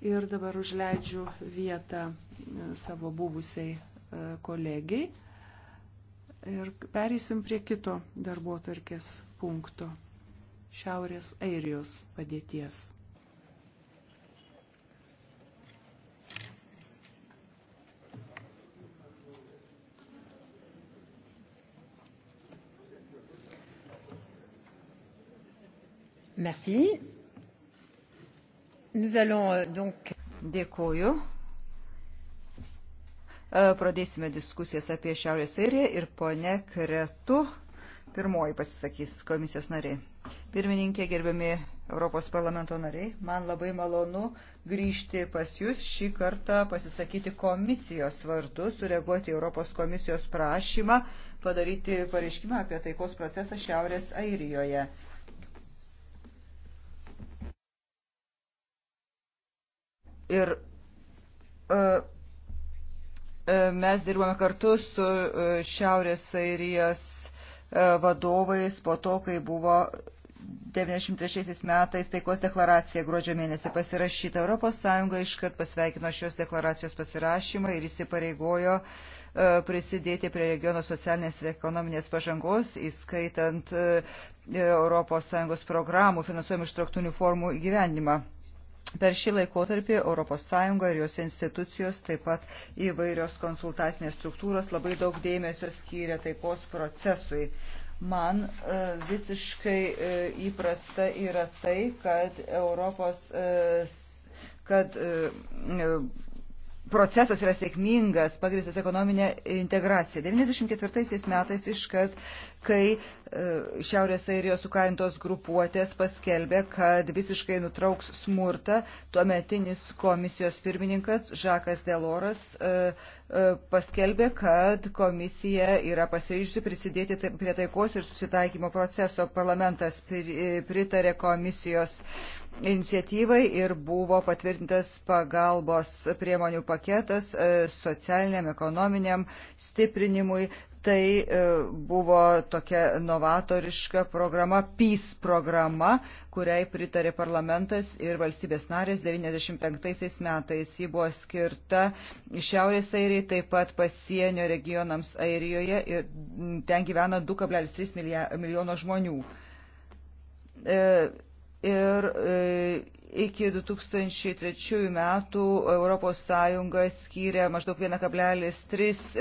Ir dabar užleidžiu vietą e, savo buvusiai e, kolegiai. Ir pereisim prie kito darbo tarkės punkto - Šiaurės Airijos padėties. Merci. Euh, Dėkuoju. E, pradėsime diskusijas apie Šiaurės Airiją ir ponė Kretu pirmoji pasisakys komisijos nariai. Pirmininkė, gerbiami Europos parlamento nariai, man labai malonu grįžti pas Jūs šį kartą pasisakyti komisijos vardu, sureaguoti Europos komisijos prašymą, padaryti pareiškimą apie taikos procesą Šiaurės Airijoje. Ir uh, mes dirbame kartu su e, Šiaurės Airijos vadovais po to, kai buvo 1993 metais taikos deklaracija gruodžio mėnesį pasirašyta. ES iškart pasveikino šios deklaracijos pasirašymą ir įsipareigojo prisidėti prie regiono socialinės ir ekonominės pažangos, įskaitant ES programų finansuojamų ištraktinių formų gyvenimą. Per šį laikotarpį ES ir jos institucijos, taip pat įvairios konsultacinės struktūros labai daug dėmesio skyrė taipos procesui. Man e, visiškai e, įprasta yra tai, kad Europos e, kad procesas yra sėkmingas, pagristas ekonominė integracija. 1994 metais iškart, kai e, Šiaurės Airijos sukarintos grupuotės paskelbė, kad visiškai nutrauks smurtą, tuometinis komisijos pirmininkas Žakas Deloras e, E, paskelbė, kad komisija yra pasiryžusi prisidėti prie taikos ir susitaikymo proceso. Parlamentas e, pritarė komisijos iniciatyvai ir buvo patvirtintas pagalbos priemonių paketas e, socialiniam, ekonominiam stiprinimui, Tai e, buvo tokia novatoriška programa, PIS programa, kuriai pritarė parlamentas ir valstybės narės 95 metais. Ji buvo skirta Šiaurės Airijai, taip pat pasienio regionams Airijoje ir ten gyvena 2,3 milijono žmonių. E, ir e, iki 2003 metų ES skyrė maždaug 1,3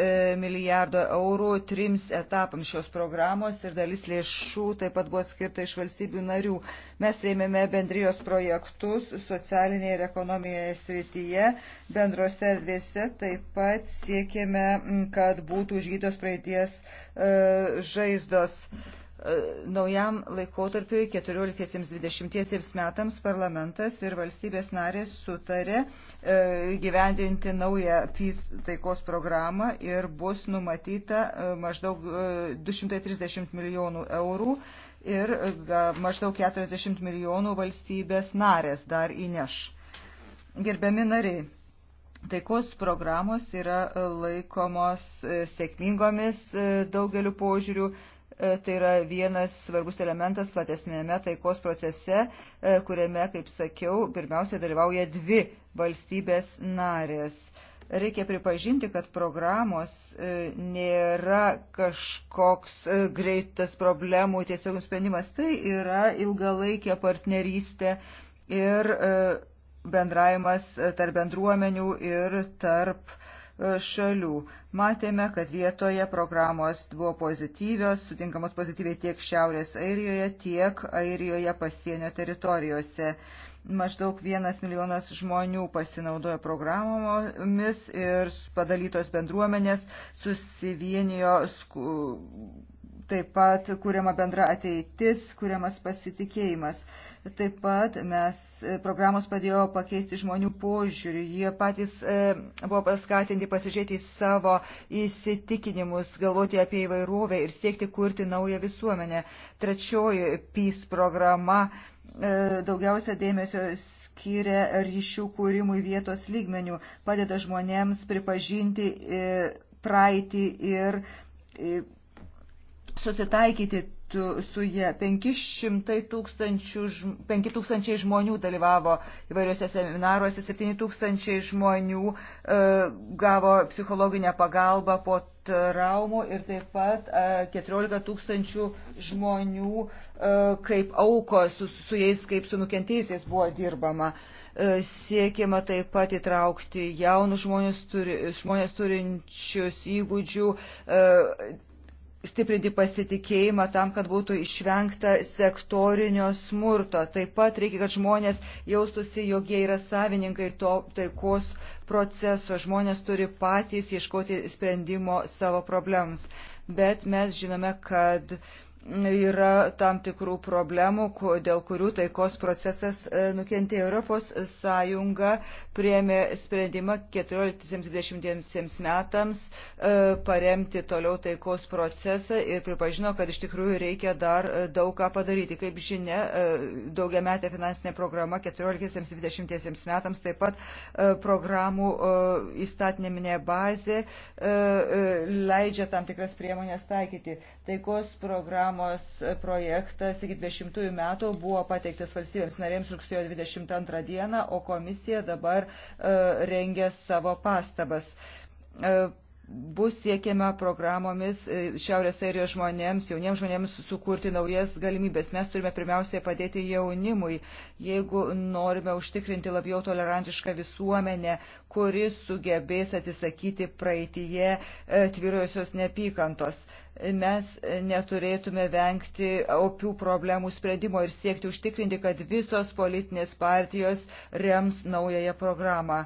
e, milijardo eurų trims etapams šios programos ir dalis lėšų taip pat buvo skirta iš valstybių narių. Mes rėmėme bendrijos projektus socialinėje ir ekonominėje srityje, bendrose erdvėse taip pat siekėme, kad būtų užgytos praeities e, žaizdos. E, E, naujam laikotarpiui 14-20 metams parlamentas ir valstybės narės sutarė e, gyvendinti naują PIS taikos programą ir bus numatyta e, maždaug 230 milijonų eurų ir maždaug 40 milijonų valstybės narės dar įneš. Gerbiami nariai, taikos programos yra laikomos sėkmingomis daugeliu požiūrių E, tai yra vienas svarbus elementas platesnėme taikos procese, e, kuriame, kaip sakiau, pirmiausia dalyvauja dvi valstybės narės. Reikia pripažinti, kad programos e, nėra kažkoks greitas problemų tiesiog sprendimas. Tai yra ilgalaikė partnerystė ir bendravimas tarp bendruomenių ir tarp uh, šalių. Matėme, kad vietoje programos buvo pozityvios, sutinkamos pozityviai tiek Šiaurės Airijoje, tiek Airijoje pasienio teritorijose. Maždaug vienas milijonas žmonių pasinaudojo programomis ir padalytos bendruomenės susivienijo sku... taip pat kuriama bendra ateitis, kuriamas pasitikėjimas. Taip pat mes e, programos padėjo pakeisti žmonių požiūrį. Jie patys e, buvo paskatinti pasižiūrėti į savo įsitikinimus, galvoti apie įvairovę ir siekti kurti naują visuomenę. Trečioji PIS programa e, daugiausia dėmesio skiria ryšių kūrimui vietos lygmenių, padeda žmonėms pripažinti e, praeitį ir e, susitaikyti su jie 500 tūkstančių, 5 tūkstančiai žmonių dalyvavo įvairiuose seminaruose, 7 tūkstančiai žmonių e, gavo psichologinę pagalbą po traumų ir taip pat 14 e, tūkstančių žmonių e, kaip aukos, su, su jais kaip su nukentėjusiais buvo dirbama. Siekiama taip pat įtraukti jaunus žmonės, turi, žmonės turinčius įgūdžių stiprinti pasitikėjimą tam, kad būtų išvengta sektorinio smurto. Taip pat reikia, kad žmonės jaustųsi, jog jie yra savininkai to taikos proceso. Žmonės turi patys ieškoti sprendimo savo problems. Bet mes žinome, kad uh, yra tam tikrų problemų, dėl kurių taikos procesas e, nukentėjo. Europos Sąjunga priėmė sprendimą 14-20 metams e, paremti toliau taikos procesą ir pripažino, kad iš tikrųjų reikia dar e, daug ką padaryti. Kaip žinia, daugiametė finansinė programa 14-20 metams taip pat programų įstatinėminė bazė leidžia tam tikras priemonės taikyti. Taikos programų programos projektas iki 20 metų buvo pateiktas valstybėms narėms rugsėjo 22 dieną, o komisija dabar e, rengia savo pastabas e, bus siekiama programomis e, Šiaurės Airijos žmonėms, jauniems žmonėms sukurti naujas galimybės. Mes turime pirmiausiai padėti jaunimui, jeigu norime užtikrinti labiau tolerantišką visuomenę, kuris sugebės atsisakyti praeitie e, tvyrojosios nepykantos. Mes neturėtume vengti opių problemų sprendimo ir siekti užtikrinti, kad visos politinės partijos rems naująją programą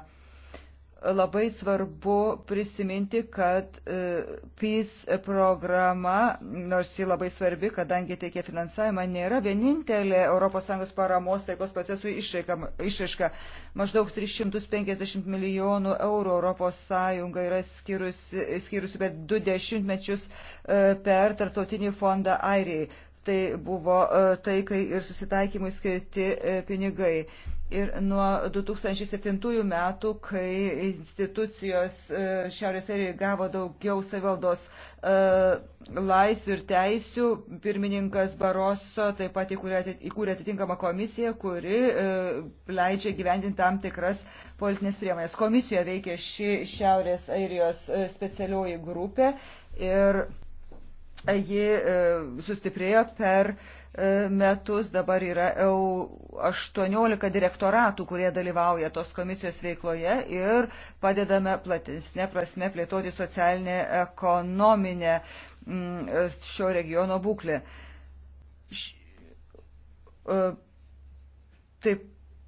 labai svarbu prisiminti, kad e, PIS programa, nors ji labai svarbi, kadangi teikia finansavimą, nėra vienintelė ES paramos taikos procesų išraiška. Maždaug 350 milijonų eurų ES yra skirusi, skirusi per du dešimtmečius e, per tarptautinį fondą Airijai. Tai buvo e, taikai ir susitaikymui skirti pinigai Ir nuo 2007 metų, kai institucijos e, Šiaurės Airijoje gavo daugiau savivaldos e, laisvių ir teisių, pirmininkas Baroso taip pat įkūrė atitinkamą komisiją, kuri e, leidžia gyvendinti tam tikras politinės priemonės. Komisijoje veikia ši Šiaurės Airijos specialioji grupė ir Ji e, sustiprėjo per e, metus, dabar yra EU 18 direktoratų, kurie dalyvauja tos komisijos veikloje ir padedame platesnė prasme plėtoti socialinę ekonominę mm, šio regiono būklę. E, taip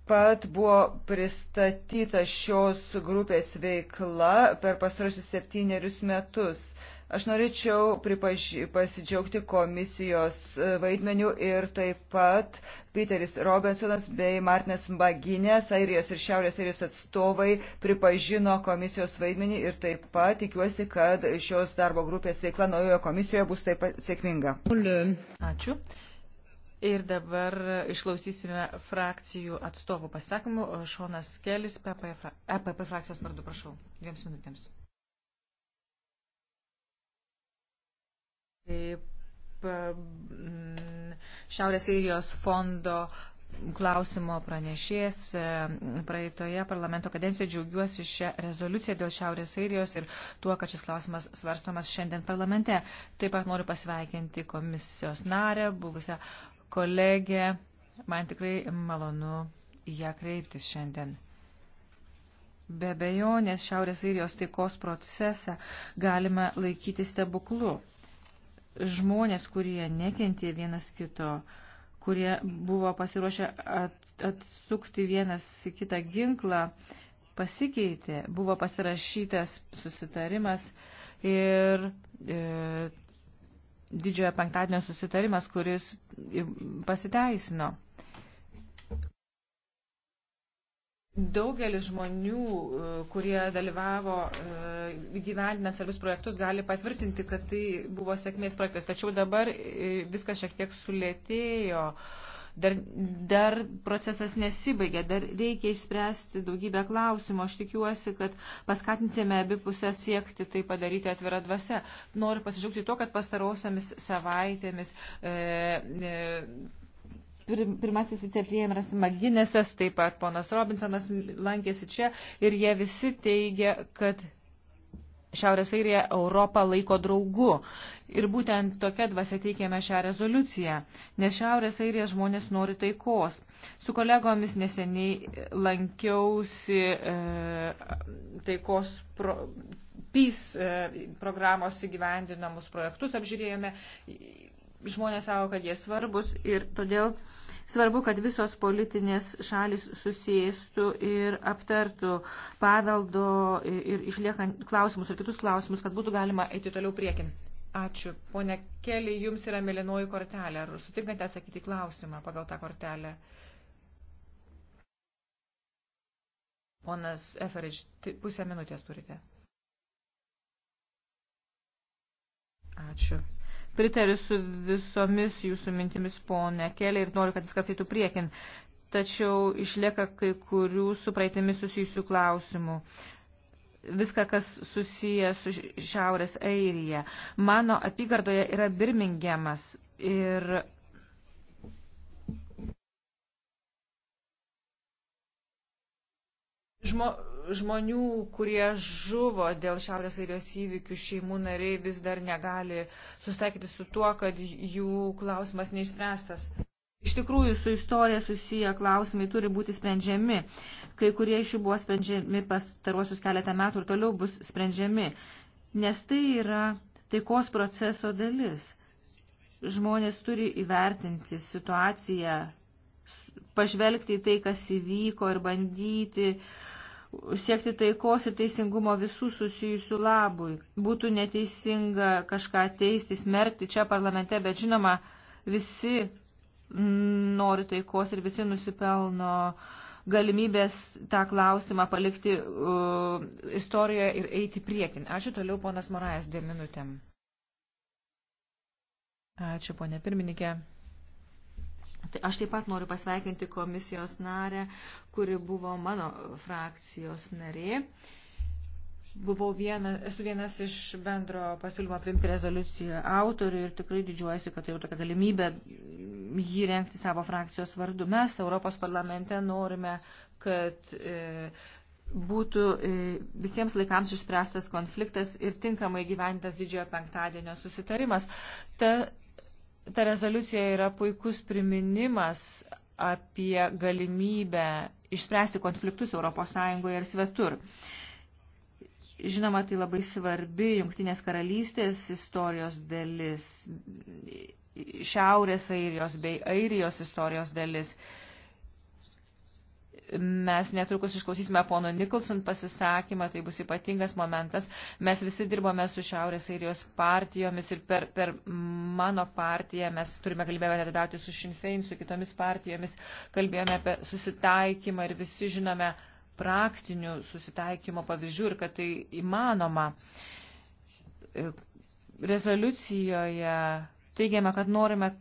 pat buvo pristatyta šios grupės veikla per pastarosius septynerius metus. Aš norėčiau pripaž... pasidžiaugti komisijos e, vaidmeniu ir taip pat Peteris Robinsonas bei Martinas Baginės, Airijos ir Šiaurės Airijos atstovai pripažino komisijos vaidmenį ir taip pat tikiuosi, kad šios darbo grupės veikla naujojo komisijoje bus taip pat sėkminga. Ačiū. Ir dabar išklausysime frakcijų atstovų pasisakymų. Šonas Kelis, EPP e frakcijos vardu, prašau. Dviems minutėms. Kaip mm, Šiaurės Airijos fondo klausimo pranešės e, praeitoje parlamento kadencijoje džiaugiuosi šią rezoliuciją dėl Šiaurės Airijos ir tuo, kad šis klausimas svarstomas šiandien parlamente. Taip pat noriu pasveikinti komisijos narę, buvusią kolegę. Man tikrai malonu į ją kreiptis šiandien. Be bejonės Šiaurės Airijos taikos procesą galima laikyti stebuklu žmonės, kurie nekentė vienas kito, kurie buvo pasiruošę at, atsukti vienas kitą ginklą, pasikeitė, buvo pasirašytas susitarimas ir e, didžiojo penktadienio susitarimas, kuris pasiteisino. E, Daugelis žmonių, e, kurie dalyvavo e, gyvendinę svarbius projektus, gali patvirtinti, kad tai buvo sėkmės projektas. Tačiau dabar e, viskas šiek tiek sulėtėjo. Dar, dar procesas nesibaigė, dar reikia išspręsti daugybę klausimų. Aš tikiuosi, kad paskatinsime abipusę siekti tai padaryti atvira dvasia. Noriu pasidžiaugti tuo, kad pastarausiamis savaitėmis. E, e, pirmasis vicepremjeras Maginesas, taip pat ponas Robinsonas lankėsi čia ir jie visi teigia, kad Šiaurės Airija Europą laiko draugu. Ir būtent tokia dvasia teikėme šią rezoliuciją, nes Šiaurės Airijos žmonės nori taikos. Su kolegomis neseniai lankiausi e, taikos pro, PIS e, programos įgyvendinamus projektus, apžiūrėjome žmonės savo, kad jie svarbus ir todėl svarbu, kad visos politinės šalis susijęstų ir aptartų paveldo ir išliekant klausimus ir kitus klausimus, kad būtų galima eiti toliau priekin. Ačiū. Pone Keli, jums yra mėlynoji kortelė. Ar sutinkate atsakyti klausimą pagal tą kortelę? Ponas Eferič, pusę minutės turite. Ačiū. Pritariu su visomis jūsų mintimis, ponė Kelė, ir noriu, kad viskas eitų priekin. Tačiau išlieka kai kurių su praeitimi susijusių klausimų viską, kas susiję su Šiaurės Airija. Mano apygardoje yra Birmingemas ir. Žmo, žmonių, kurie žuvo dėl Šiaurės Airijos įvykių, šeimų nariai vis dar negali sustaikyti su tuo, kad jų klausimas neišspręstas. Iš tikrųjų, su istorija susiję klausimai turi būti sprendžiami. Kai kurie iš jų buvo sprendžiami pastaruosius keletą metų ir toliau bus sprendžiami, nes tai yra taikos proceso dalis. Žmonės turi įvertinti situaciją, pažvelgti į tai, kas įvyko ir bandyti uh, siekti taikos ir teisingumo visų susijusių labui. Būtų neteisinga kažką teisti, smerkti čia parlamente, bet žinoma, visi nori taikos ir visi nusipelno galimybės tą klausimą palikti uh, istorijoje ir eiti priekin. Ačiū toliau, ponas Morajas, dėl minutėm. Ačiū, ponė pirmininkė. Tai aš taip pat noriu pasveikinti komisijos narę, kuri buvo mano frakcijos narė. Buvau viena, esu vienas iš bendro pasiūlymo priimti rezoliuciją autorių ir tikrai didžiuojasi, kad tai jau tokia galimybė jį renkti savo frakcijos vardu. Mes Europos parlamente norime, kad e, būtų e, visiems laikams išspręstas konfliktas ir tinkamai gyventas didžiojo penktadienio susitarimas. Ta ta rezoliucija yra puikus priminimas apie galimybę išspręsti konfliktus ES ir svetur. Žinoma, tai labai svarbi Jungtinės karalystės istorijos dalis, Šiaurės Airijos bei Airijos istorijos dalis. Mes netrukus išklausysime pono Nicholson pasisakymą, tai bus ypatingas momentas. Mes visi dirbome su Šiaurės Airijos partijomis ir per, per mano partiją mes turime galimybę bendradarbiauti su Šinfein, su kitomis partijomis, kalbėjome apie susitaikymą ir visi žinome praktinių susitaikymo pavyzdžių ir kad tai įmanoma. E, rezoliucijoje teigiame, kad norime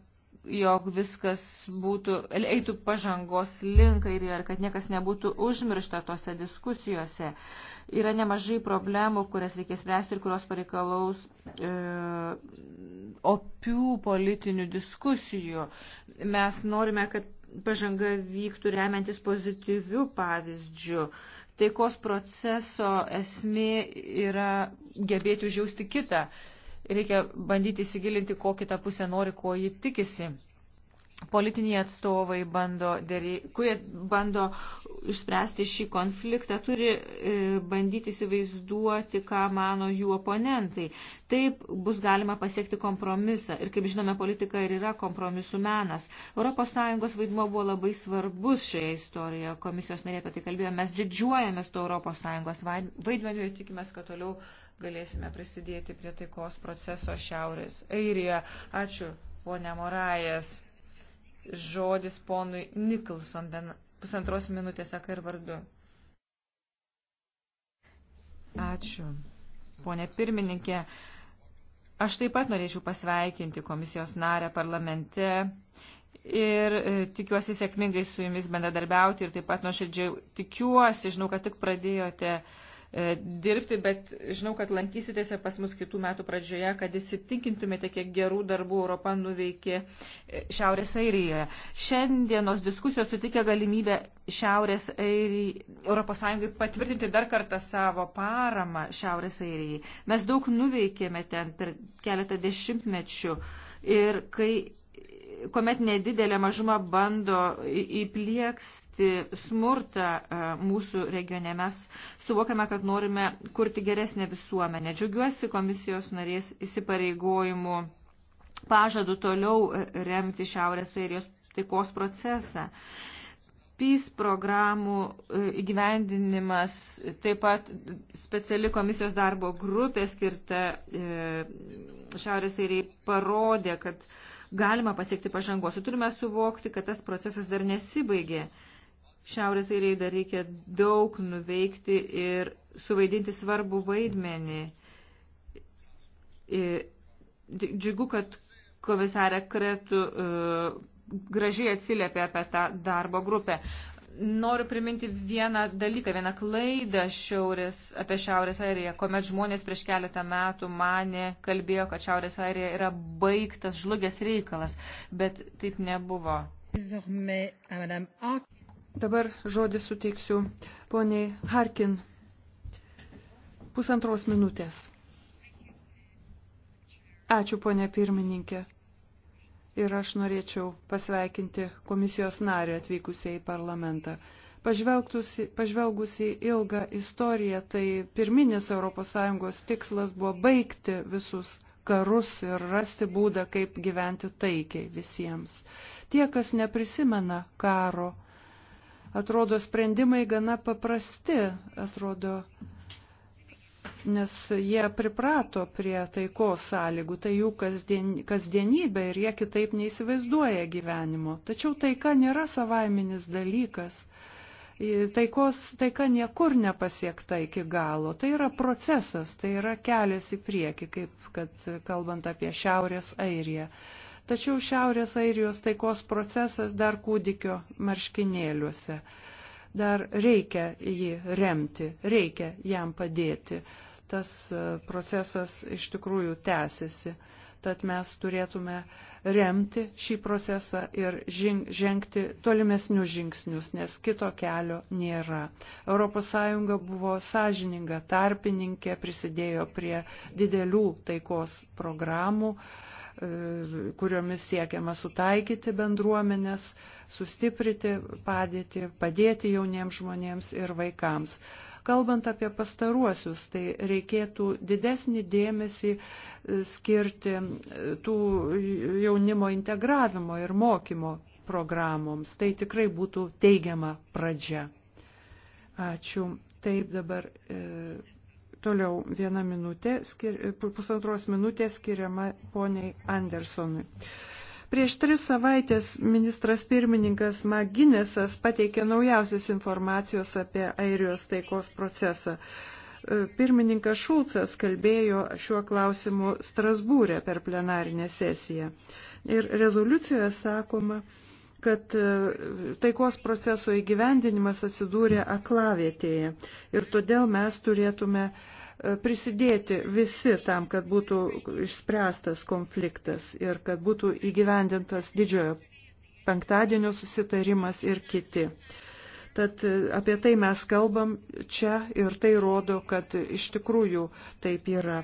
jog viskas būtų, eitų pažangos link ir kad niekas nebūtų užmiršta tose diskusijose. Yra nemažai problemų, kurias reikės spręsti ir kurios pareikalaus e, opių politinių diskusijų. Mes norime, kad pažanga vyktų remiantis pozityvių pavyzdžių. Taikos proceso esmė yra gebėti užjausti kitą. E, Reikia bandyti įsigilinti, ko kita pusė nori, ko ji tikisi. Politiniai atstovai, bando dėry, kurie bando išspręsti šį konfliktą, turi e, bandyti įsivaizduoti, ką mano jų oponentai. Taip bus galima pasiekti kompromisą. Ir kaip žinome, politika ir yra kompromisų menas. ES vaidmo buvo labai svarbus šioje istorijoje. Komisijos narė apie tai kalbėjo. Mes didžiuojamės to ES vaidmeniu ir tikimės, kad toliau galėsime prisidėti prie taikos proceso Šiaurės Airija. Ačiū, ponia Morajas. Žodis ponui Nikolson pusantros minutės saka ir vardu. Ačiū. Pone pirmininkė, aš taip pat norėčiau pasveikinti komisijos narę parlamente ir e, tikiuosi sėkmingai su jumis bendradarbiauti ir taip pat nuoširdžiai tikiuosi, žinau, kad tik pradėjote uh, E, dirbti, bet žinau, kad lankysitės ir pas mus kitų metų pradžioje, kad įsitikintumėte, kiek gerų darbų Europa nuveikė e, Šiaurės Airijoje. Šiandienos diskusijos sutikė galimybę Šiaurės Airijai, Europos Sąjungai patvirtinti dar kartą savo paramą Šiaurės Airijai. Mes daug nuveikėme ten per keletą dešimtmečių ir kai kuomet nedidelė mažuma bando įplieksti smurtą e, mūsų regione, mes suvokiame, kad norime kurti geresnę visuomenę. Džiugiuosi komisijos narės įsipareigojimu pažadu toliau e, remti Šiaurės Airijos taikos procesą. PIS programų e, įgyvendinimas, taip pat speciali komisijos darbo grupė skirta Šiaurės Airijai parodė, kad galima pasiekti pažangos. Ir turime suvokti, kad tas procesas dar nesibaigė. Šiaurės airiai dar reikia daug nuveikti ir suvaidinti svarbų vaidmenį. Džiugu, kad komisarė Kretų e, gražiai atsiliepė apie tą darbo grupę noriu priminti vieną dalyką, vieną klaidą šiaurės, apie Šiaurės Airiją, kuomet žmonės prieš keletą metų mane kalbėjo, kad Šiaurės Airija yra baigtas, žlugęs reikalas, bet taip nebuvo. Dabar žodį suteiksiu poniai Harkin. Pusantros minutės. Ačiū, ponė pirmininkė ir aš norėčiau pasveikinti komisijos narį atvykusiai į parlamentą. Pažvelgusi ilgą istoriją, tai pirminis ES tikslas buvo baigti visus karus ir rasti būdą, kaip gyventi taikiai visiems. Tie, kas neprisimena karo, atrodo sprendimai gana paprasti, atrodo nes jie priprato prie taikos sąlygų, tai jų kasdien, kasdienybė ir jie kitaip neįsivaizduoja gyvenimo. Tačiau taika nėra savaiminis dalykas. Taikos, taika niekur nepasiekta iki galo. Tai yra procesas, tai yra kelias į priekį, kaip kad kalbant apie Šiaurės Airiją. Tačiau Šiaurės Airijos taikos procesas dar kūdikio marškinėliuose dar reikia jį remti, reikia jam padėti tas e, procesas iš tikrųjų tęsiasi. Tad mes turėtume remti šį procesą ir žengti tolimesnius žingsnius, nes kito kelio nėra. ES buvo sąžininga tarpininkė, prisidėjo prie didelių taikos programų e, kuriomis siekiama sutaikyti bendruomenės, sustiprinti padėtį, padėti jauniems žmonėms ir vaikams. Kalbant apie pastaruosius, tai reikėtų didesnį dėmesį e, skirti e, tų jaunimo integravimo ir mokymo programoms. Tai tikrai būtų teigiama pradžia. Ačiū. Taip dabar e, toliau viena minutė, skir, pusantros minutės skiriama poniai Andersonui. E, Prieš tris savaitės ministras pirmininkas Maginesas pateikė naujausios informacijos apie Airijos taikos procesą. E, pirmininkas Šulcas kalbėjo šiuo klausimu Strasbūrė per plenarinę sesiją. Ir rezoliucijoje sakoma, kad e, taikos proceso įgyvendinimas atsidūrė aklavietėje. Ir todėl mes turėtume uh, E, prisidėti visi tam, kad būtų išspręstas konfliktas ir kad būtų įgyvendintas didžiojo penktadienio susitarimas ir kiti. Tad e, apie tai mes kalbam čia ir tai rodo, kad iš tikrųjų taip yra.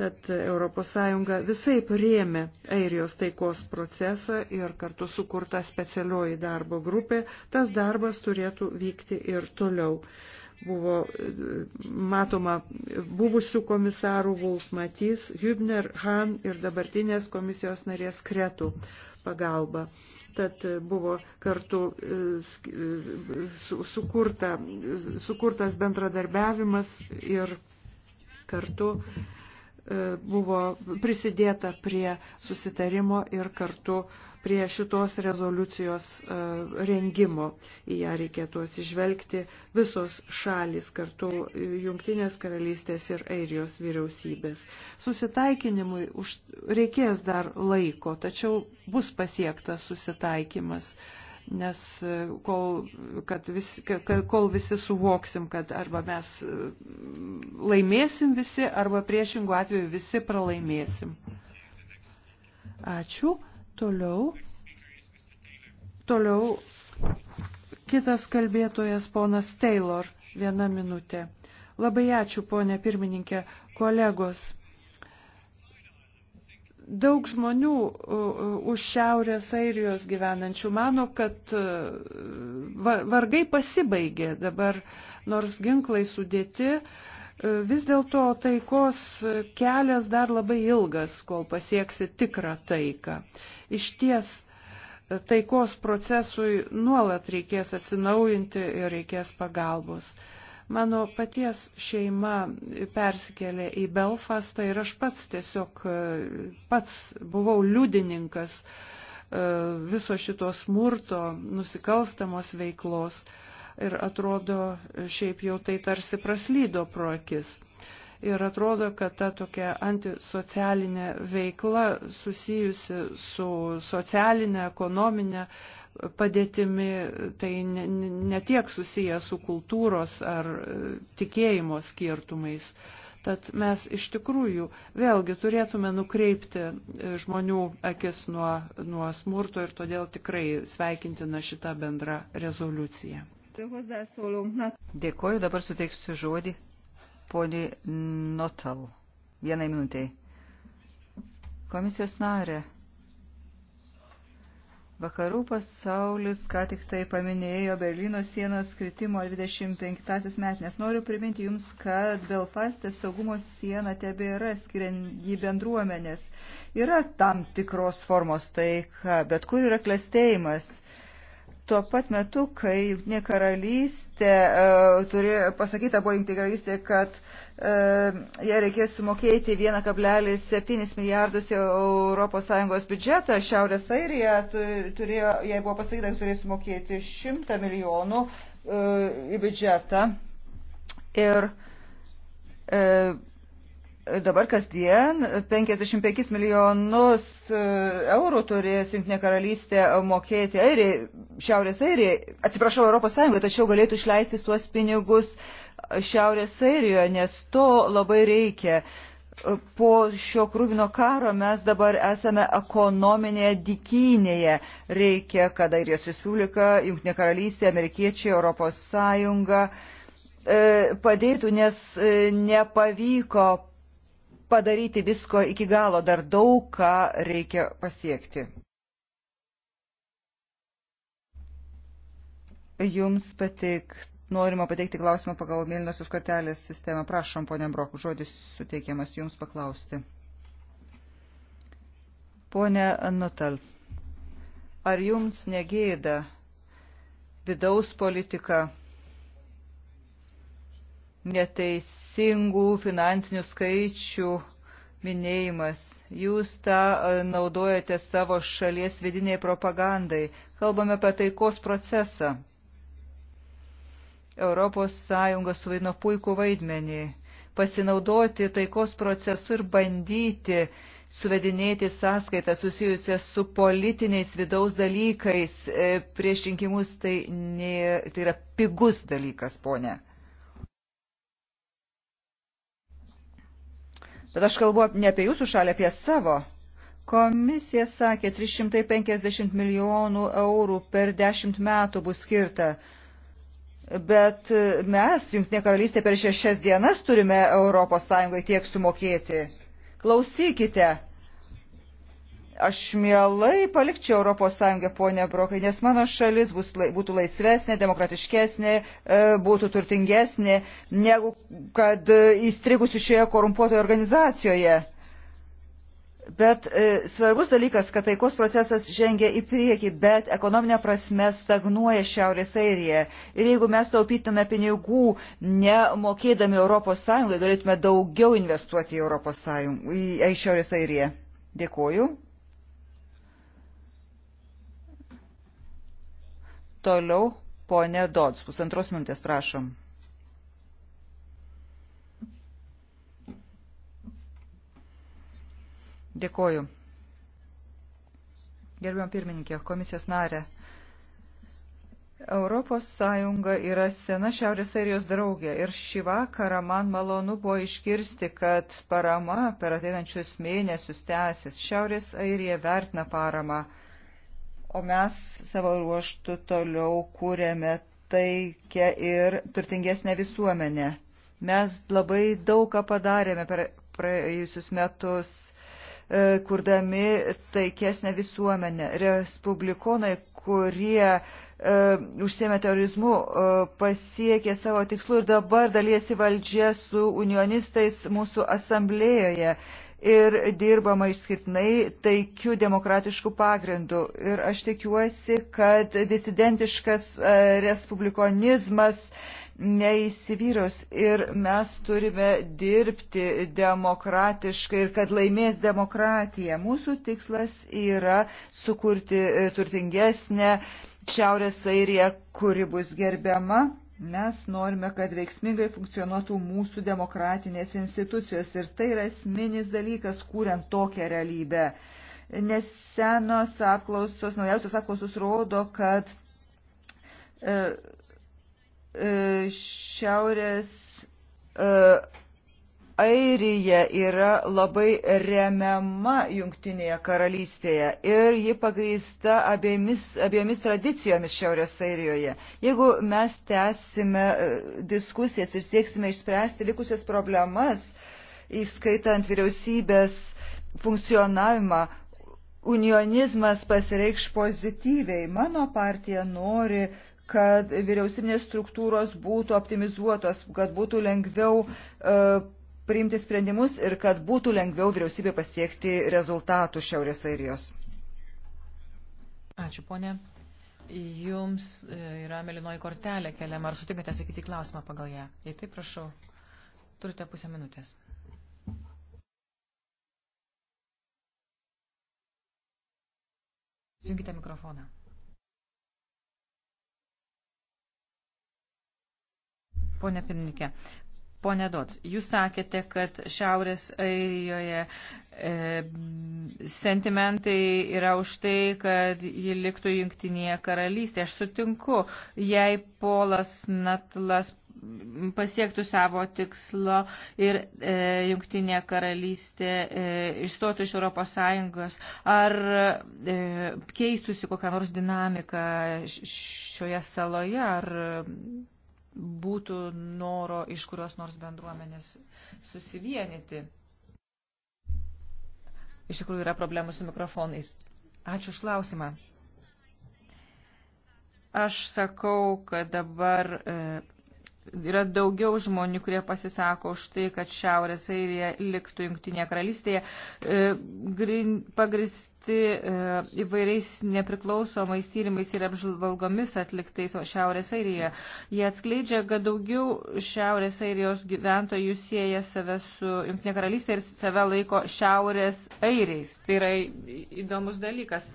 Tad ES visai rėmė Airijos taikos procesą ir kartu sukurta specialioji darbo grupė. Tas darbas turėtų vykti ir toliau buvo e, matoma buvusių komisarų Wolf Matys, Hübner, Han ir dabartinės komisijos narės Kretų pagalba. Tad e, buvo kartu e, sukurta, sukurtas bendradarbiavimas ir kartu E, buvo prisidėta prie susitarimo ir kartu prie šitos rezoliucijos e, rengimo. Į ją reikėtų atsižvelgti visos šalis kartu e, Junktinės karalystės ir Airijos vyriausybės. Susitaikinimui reikės dar laiko, tačiau bus pasiektas susitaikymas nes e, kol, kad vis, kad, kol visi suvoksim, kad arba mes e, laimėsim visi, arba priešingų atveju visi pralaimėsim. Ačiū. Toliau. Toliau kitas kalbėtojas ponas Taylor. Viena minutė. Labai ačiū, ponė pirmininkė, kolegos daug žmonių už Šiaurės Airijos gyvenančių mano, kad e, vargai pasibaigė dabar, nors ginklai sudėti, e, vis dėlto taikos kelias dar labai ilgas, kol pasieksi tikrą taiką. Iš ties e, taikos procesui nuolat reikės atsinaujinti ir reikės pagalbos. Mano paties šeima persikėlė į Belfastą ir aš pats tiesiog e, pats buvau liudininkas e, viso šito smurto, nusikalstamos veiklos ir atrodo šiaip jau tai tarsi praslydo pro akis ir atrodo, kad ta tokia antisocialinė veikla susijusi su socialinė, ekonominė padėtimi, tai netiek ne susiję su kultūros ar e, tikėjimo skirtumais. Tad mes iš tikrųjų vėlgi turėtume nukreipti e, žmonių akis nuo, nuo smurto ir todėl tikrai sveikintina šita bendra rezoliucija. Dėkoju, dabar suteiksiu žodį poniai Notal. Vienai minutiai. Komisijos narė. Vakarų pasaulis ką tik tai paminėjo Berlyno sienos kritimo 25-asis metinės. Noriu priminti Jums, kad Belfaste saugumo siena tebėra skiriant jį bendruomenės. Yra tam tikros formos taika, bet kur yra klestėjimas? tuo pat metu, kai Junktinė karalystė, uh, turi, pasakyta buvo Junktinė karalystė, kad uh, e, jie reikės sumokėti 1,7 milijardus ES biudžetą, Šiaurės Airija turėjo, jai buvo pasakyta, kad turės sumokėti 100 milijonų uh, į biudžetą. Ir uh, dabar kasdien 55 milijonus e, eurų turės Junktinė karalystė mokėti Airijai, Šiaurės Airijai, atsiprašau, Europos Sąjungoje, tačiau galėtų išleisti tuos pinigus Šiaurės Airijoje, nes to labai reikia. Po šio krūvino karo mes dabar esame ekonominėje dikynėje. Reikia, kad Airijos Respublika, Junktinė karalystė, Amerikiečiai, Europos Sąjunga e, padėtų, nes e, nepavyko padaryti visko iki galo, dar daug ką reikia pasiekti. Jums patik, norima pateikti klausimą pagal mėlynosios kortelės sistemą. Prašom, ponė Brok, žodis suteikiamas jums paklausti. Pone Nutal, ar jums negėda vidaus politika? neteisingų finansinių skaičių minėjimas. Jūs tą e, naudojate savo šalies vidiniai propagandai. Kalbame apie taikos procesą. Europos Sąjunga suvaidino puikų vaidmenį pasinaudoti taikos procesu ir bandyti suvedinėti sąskaitą susijusią su politiniais vidaus dalykais e, prieš rinkimus, tai, ne, tai yra pigus dalykas, ponė. Bet aš kalbu ne apie jūsų šalį, apie savo. Komisija sakė, 350 milijonų eurų per 10 metų bus skirta. Bet e, mes, Junktinė karalystė, per šešias dienas turime Europos Sąjungoje tiek sumokėti. Klausykite Aš mielai palikčiau Europos Sąjungą, ponė Brokai, nes mano šalis bus, būtų laisvesnė, demokratiškesnė, e, būtų turtingesnė, negu kad įstrigusi šioje korumpuotoje organizacijoje. Bet e, svarbus dalykas, kad taikos procesas žengia į priekį, bet ekonominė prasme stagnuoja Šiaurės Airija. Ir jeigu mes taupytume pinigų, nemokėdami ES, galėtume daugiau investuoti į, Europos Sąjung, į, į Šiaurės Airiją. Dėkuoju. Toliau, ponė Dodds, pusantros minutės, prašom. Dėkoju. Gerbiam pirmininkė, komisijos narė. Europos Sąjunga yra sena Šiaurės Airijos draugė ir šį vakarą man malonu buvo iškirsti, kad parama per ateinančius mėnesius tęsis. Šiaurės Airija vertina paramą o mes savo ruoštų toliau kūrėme taikę ir turtingesnę visuomenę. Mes labai daug ką padarėme per praėjusius metus, e, kurdami taikesnę visuomenę. Respublikonai, kurie e, užsiemė terorizmu, e, pasiekė savo tikslų ir dabar dalysi valdžia su unionistais mūsų asamblėjoje ir dirbama išskirtinai taikių demokratiškų pagrindų. Ir aš tikiuosi, kad disidentiškas e, respublikonizmas neįsivyros ir mes turime dirbti demokratiškai ir kad laimės demokratija. Mūsų tikslas yra sukurti e, turtingesnę Šiaurės Airiją, kuri bus gerbiama Mes norime, kad veiksmingai funkcionuotų mūsų demokratinės institucijos ir tai yra esminis dalykas, kuriant tokią realybę. Nesenos apklausos, naujausios apklausos rodo, kad e, e, Šiaurės e, Airija yra labai remiama Junktinėje karalystėje ir ji pagrįsta abiemis, abiemis tradicijomis Šiaurės Airijoje. Jeigu mes tęsime e, diskusijas ir sieksime išspręsti likusias problemas, įskaitant vyriausybės funkcionavimą, unionizmas pasireikš pozityviai. Mano partija nori kad vyriausybinės struktūros būtų optimizuotos, kad būtų lengviau uh, priimti sprendimus ir kad būtų lengviau vyriausybė pasiekti rezultatų Šiaurės Airijos. Ačiū, ponė. Jums e, yra melinoji kortelė keliama. Ar sutinkate sakyti klausimą pagal ją? Jei taip, prašau. Turite pusę minutės. Junkite mikrofoną. Pone pirmininkė, Pone Dots, jūs sakėte, kad Šiaurės Airijoje e, sentimentai yra už tai, kad ji liktų jungtinėje karalystėje. Aš sutinku, jei Polas Natlas pasiektų savo tikslo ir e, jungtinė karalystė e, išstotų iš Europos Sąjungos, ar e, keistusi kokią nors dinamiką šioje saloje, ar būtų noro iš kurios nors bendruomenės susivienyti. Iš tikrųjų yra problemų su mikrofonais. Ačiū už klausimą. Aš sakau, kad dabar e, yra daugiau žmonių, kurie pasisako už tai, kad Šiaurės Airija liktų Junktinėje karalystėje, e, pagristi e, įvairiais nepriklausomais tyrimais ir apžvalgomis atliktais Šiaurės Airijoje. Jie atskleidžia, kad daugiau Šiaurės Airijos gyventojų sieja save su Junktinė karalystė ir save laiko Šiaurės Airiais. Tai yra įdomus dalykas.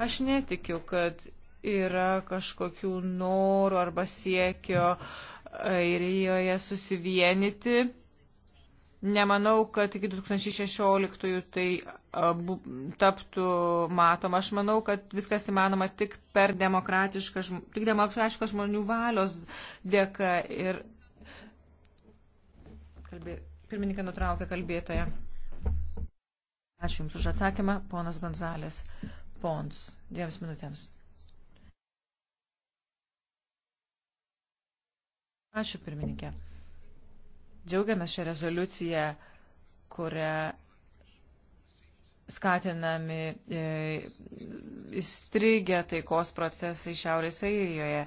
Aš netikiu, kad yra kažkokių norų arba siekio uh, Airijoje susivienyti. Nemanau, kad iki 2016 tai abu, taptų matoma. Aš manau, kad viskas įmanoma tik per demokratišką, tik demokratišką žmonių valios dėka. Ir kalbė, pirmininkė nutraukė kalbėtoją. Ačiū Jums už atsakymą, ponas Gonzalės. Pons, dviems minutėms. Ačiū pirmininkė. Džiaugiamės šią rezoliuciją, kurią skatinami e, įstrigę taikos procesai Šiaurės Airijoje.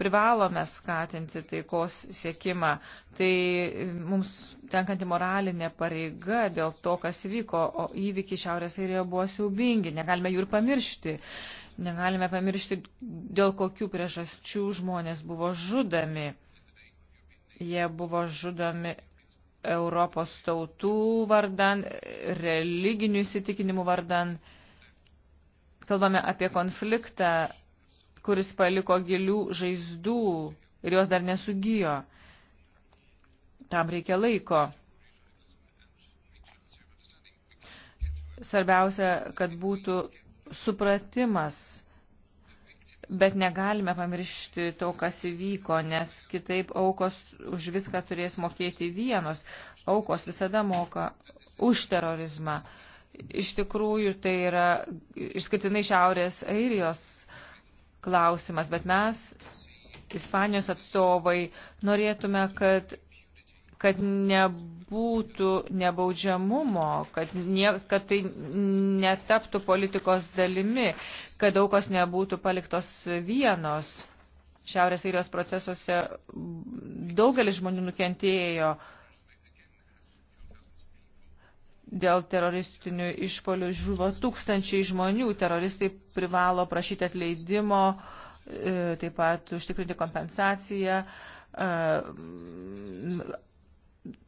Privalome skatinti taikos siekimą. Tai e, mums tenkanti moralinė pareiga dėl to, kas vyko, o įvykiai Šiaurės Airijoje buvo siaubingi. Negalime jų ir pamiršti. Negalime pamiršti, dėl kokių priežasčių žmonės buvo žudami Jie buvo žudomi Europos tautų vardan, religinių įsitikinimų vardan. Kalbame apie konfliktą, kuris paliko gilių žaizdų ir jos dar nesugijo. Tam reikia laiko. Svarbiausia, kad būtų supratimas Bet negalime pamiršti to, kas įvyko, nes kitaip aukos už viską turės mokėti vienos. Aukos visada moka už terorizmą. Iš tikrųjų, tai yra išskirtinai Šiaurės Airijos klausimas, bet mes, Ispanijos atstovai, norėtume, kad kad nebūtų nebaudžiamumo, kad, nie, kad tai netaptų politikos dalimi, kad aukos nebūtų paliktos vienos. Šiaurės airijos procesuose daugelis žmonių nukentėjo dėl teroristinių išpolių žuvo tūkstančiai žmonių. Teroristai privalo prašyti atleidimo, e, taip pat užtikrinti kompensaciją e,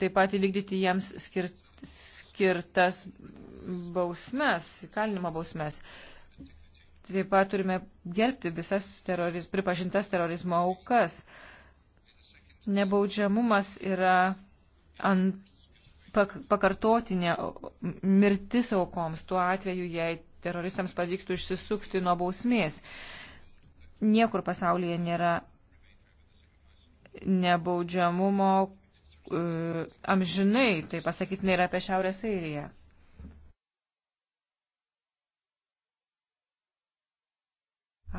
taip pat įvykdyti jiems skirt, skirtas bausmes, kalinimo bausmes. Taip pat turime gerbti visas teroriz, pripažintas terorizmo aukas. Nebaudžiamumas yra ant, pak, pakartotinė mirtis aukoms tuo atveju, jei teroristams pavyktų išsisukti nuo bausmės. Niekur pasaulyje nėra nebaudžiamumo, E, amžinai, tai pasakyti nėra apie Šiaurės Airiją.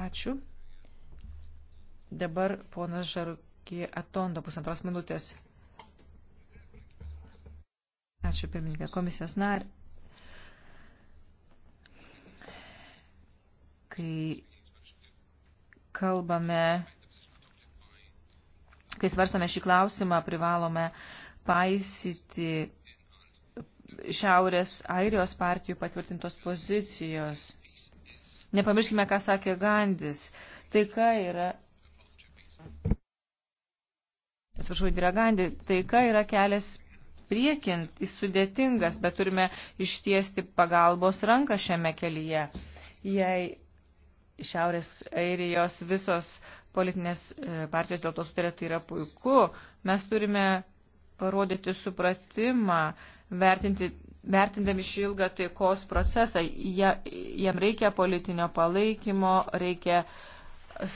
Ačiū. Dabar ponas Žarukė Atondo pusantros minutės. Ačiū pirmininkė komisijos narė. Kai kalbame kai svarstome šį klausimą, privalome paisyti Šiaurės Airijos partijų patvirtintos pozicijos. Nepamirškime, ką sakė Gandis. Taika yra. Atsiprašau, Indira Gandhi, taika yra kelias priekin, jis sudėtingas, bet turime ištiesti pagalbos ranką šiame kelyje. Jei Šiaurės Airijos visos politinės e, partijos dėl to sutarė, tai yra puiku. Mes turime parodyti supratimą, vertinti, vertindami šį ilgą taikos procesą. Ja, jam reikia politinio palaikymo, reikia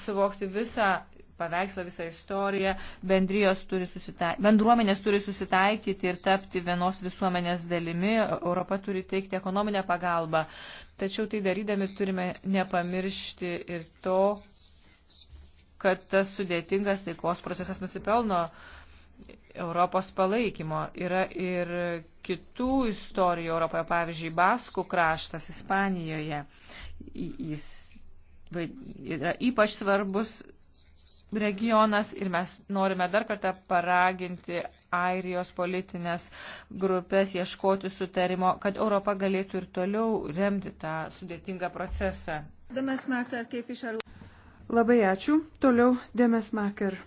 suvokti visą paveikslą, visą istoriją, bendrijos turi susitaikyti, bendruomenės turi susitaikyti ir tapti vienos visuomenės dalimi, Europa turi teikti ekonominę pagalbą. Tačiau tai darydami turime nepamiršti ir to, kad tas sudėtingas taikos procesas nusipelno Europos palaikymo. Yra ir kitų istorijų Europoje, pavyzdžiui, Baskų kraštas Ispanijoje. Jis yra ypač svarbus regionas ir mes norime dar kartą paraginti Airijos politinės grupės ieškoti sutarimo, kad Europa galėtų ir toliau remti tą sudėtingą procesą. Labai ačiū. Toliau Demes Maker.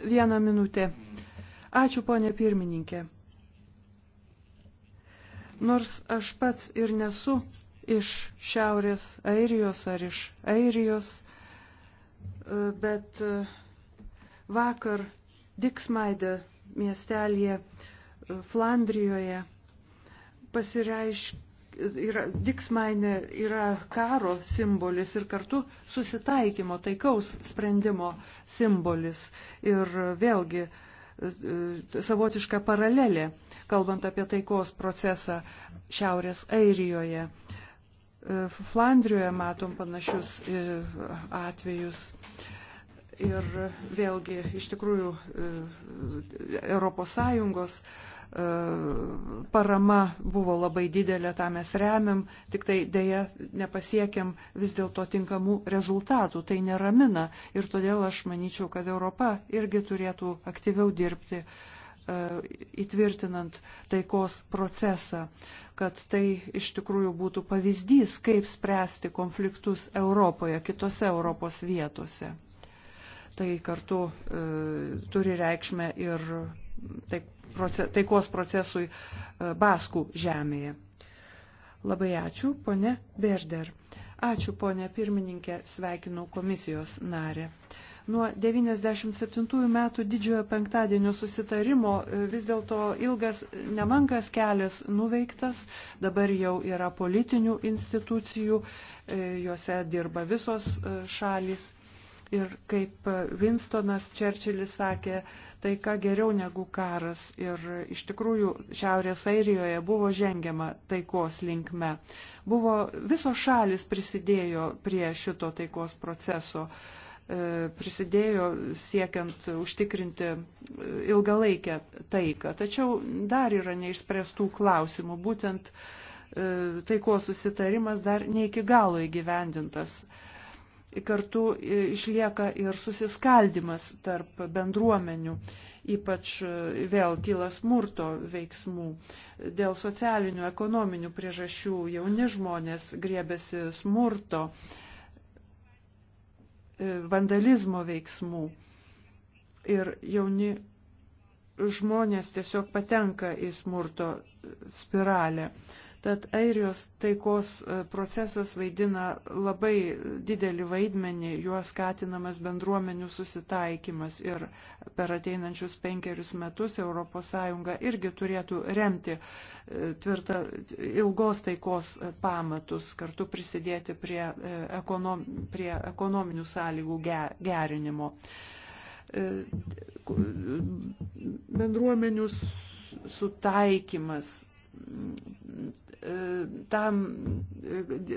Vieną minutę. Ačiū, ponė pirmininkė. Nors aš pats ir nesu iš Šiaurės Airijos ar iš Airijos, bet e, vakar Diksmaidė miestelėje e, Flandrijoje pasireiškia. Yra, Diksmainė yra karo simbolis ir kartu susitaikymo, taikaus sprendimo simbolis. Ir vėlgi e, savotiška paralelė, kalbant apie taikos procesą Šiaurės Airijoje. E, Flandrijoje matom panašius e, atvejus. Ir vėlgi, iš tikrųjų, ES e, parama buvo labai didelė, tą mes remiam, tik tai dėja nepasiekėm vis dėlto tinkamų rezultatų. Tai neramina ir todėl aš manyčiau, kad Europa irgi turėtų aktyviau dirbti uh, E, įtvirtinant taikos procesą, kad tai iš tikrųjų būtų pavyzdys, kaip spręsti konfliktus Europoje, kitose Europos vietose. Tai kartu e, turi reikšmę ir taik, proces, taikos procesui e, Baskų žemėje. Labai ačiū, ponė Berder. Ačiū, ponė pirmininkė, sveikinu komisijos narę. Nuo 97 metų didžiojo penktadienio susitarimo e, vis dėlto ilgas nemankas kelias nuveiktas, dabar jau yra politinių institucijų, e, juose dirba visos e, šalis. Ir kaip Winstonas Čerčilis sakė, tai ką geriau negu karas. Ir iš tikrųjų Šiaurės Airijoje buvo žengiama taikos linkme. Buvo visos šalis prisidėjo prie šito taikos proceso. Uh, E, prisidėjo siekiant užtikrinti e, ilgalaikę taiką. Tačiau dar yra neišspręstų klausimų. Būtent e, taikos susitarimas dar ne iki galo įgyvendintas. Kartu išlieka ir susiskaldimas tarp bendruomenių, ypač vėl kyla smurto veiksmų. Dėl socialinių, ekonominių priežasčių jauni žmonės griebėsi smurto, E, vandalizmo veiksmų. Ir jauni žmonės tiesiog patenka į smurto spiralę. Tad Airijos taikos e, procesas vaidina labai didelį vaidmenį, juo skatinamas bendruomenių susitaikymas ir per ateinančius penkerius metus ES irgi turėtų remti e, tvirtą ilgos taikos pamatus, kartu prisidėti prie, e, ekonom, prie ekonominių sąlygų gerinimo bendruomenių sutaikymas tam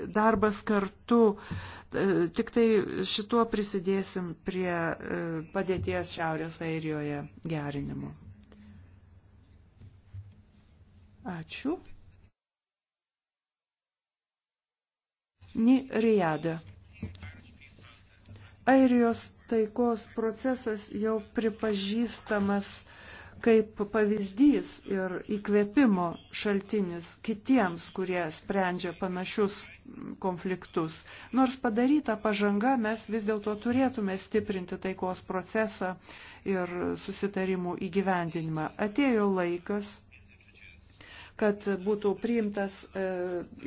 darbas kartu, tik tai šituo prisidėsim prie padėties Šiaurės Airijoje gerinimo. Ačiū. Ni Rijada. Airijos taikos procesas jau pripažįstamas uh, kaip pavyzdys ir įkvėpimo šaltinis kitiems, kurie sprendžia panašius konfliktus. Nors padaryta pažanga, mes vis dėlto turėtume stiprinti taikos procesą ir susitarimų įgyvendinimą. Atėjo laikas kad būtų priimtas e,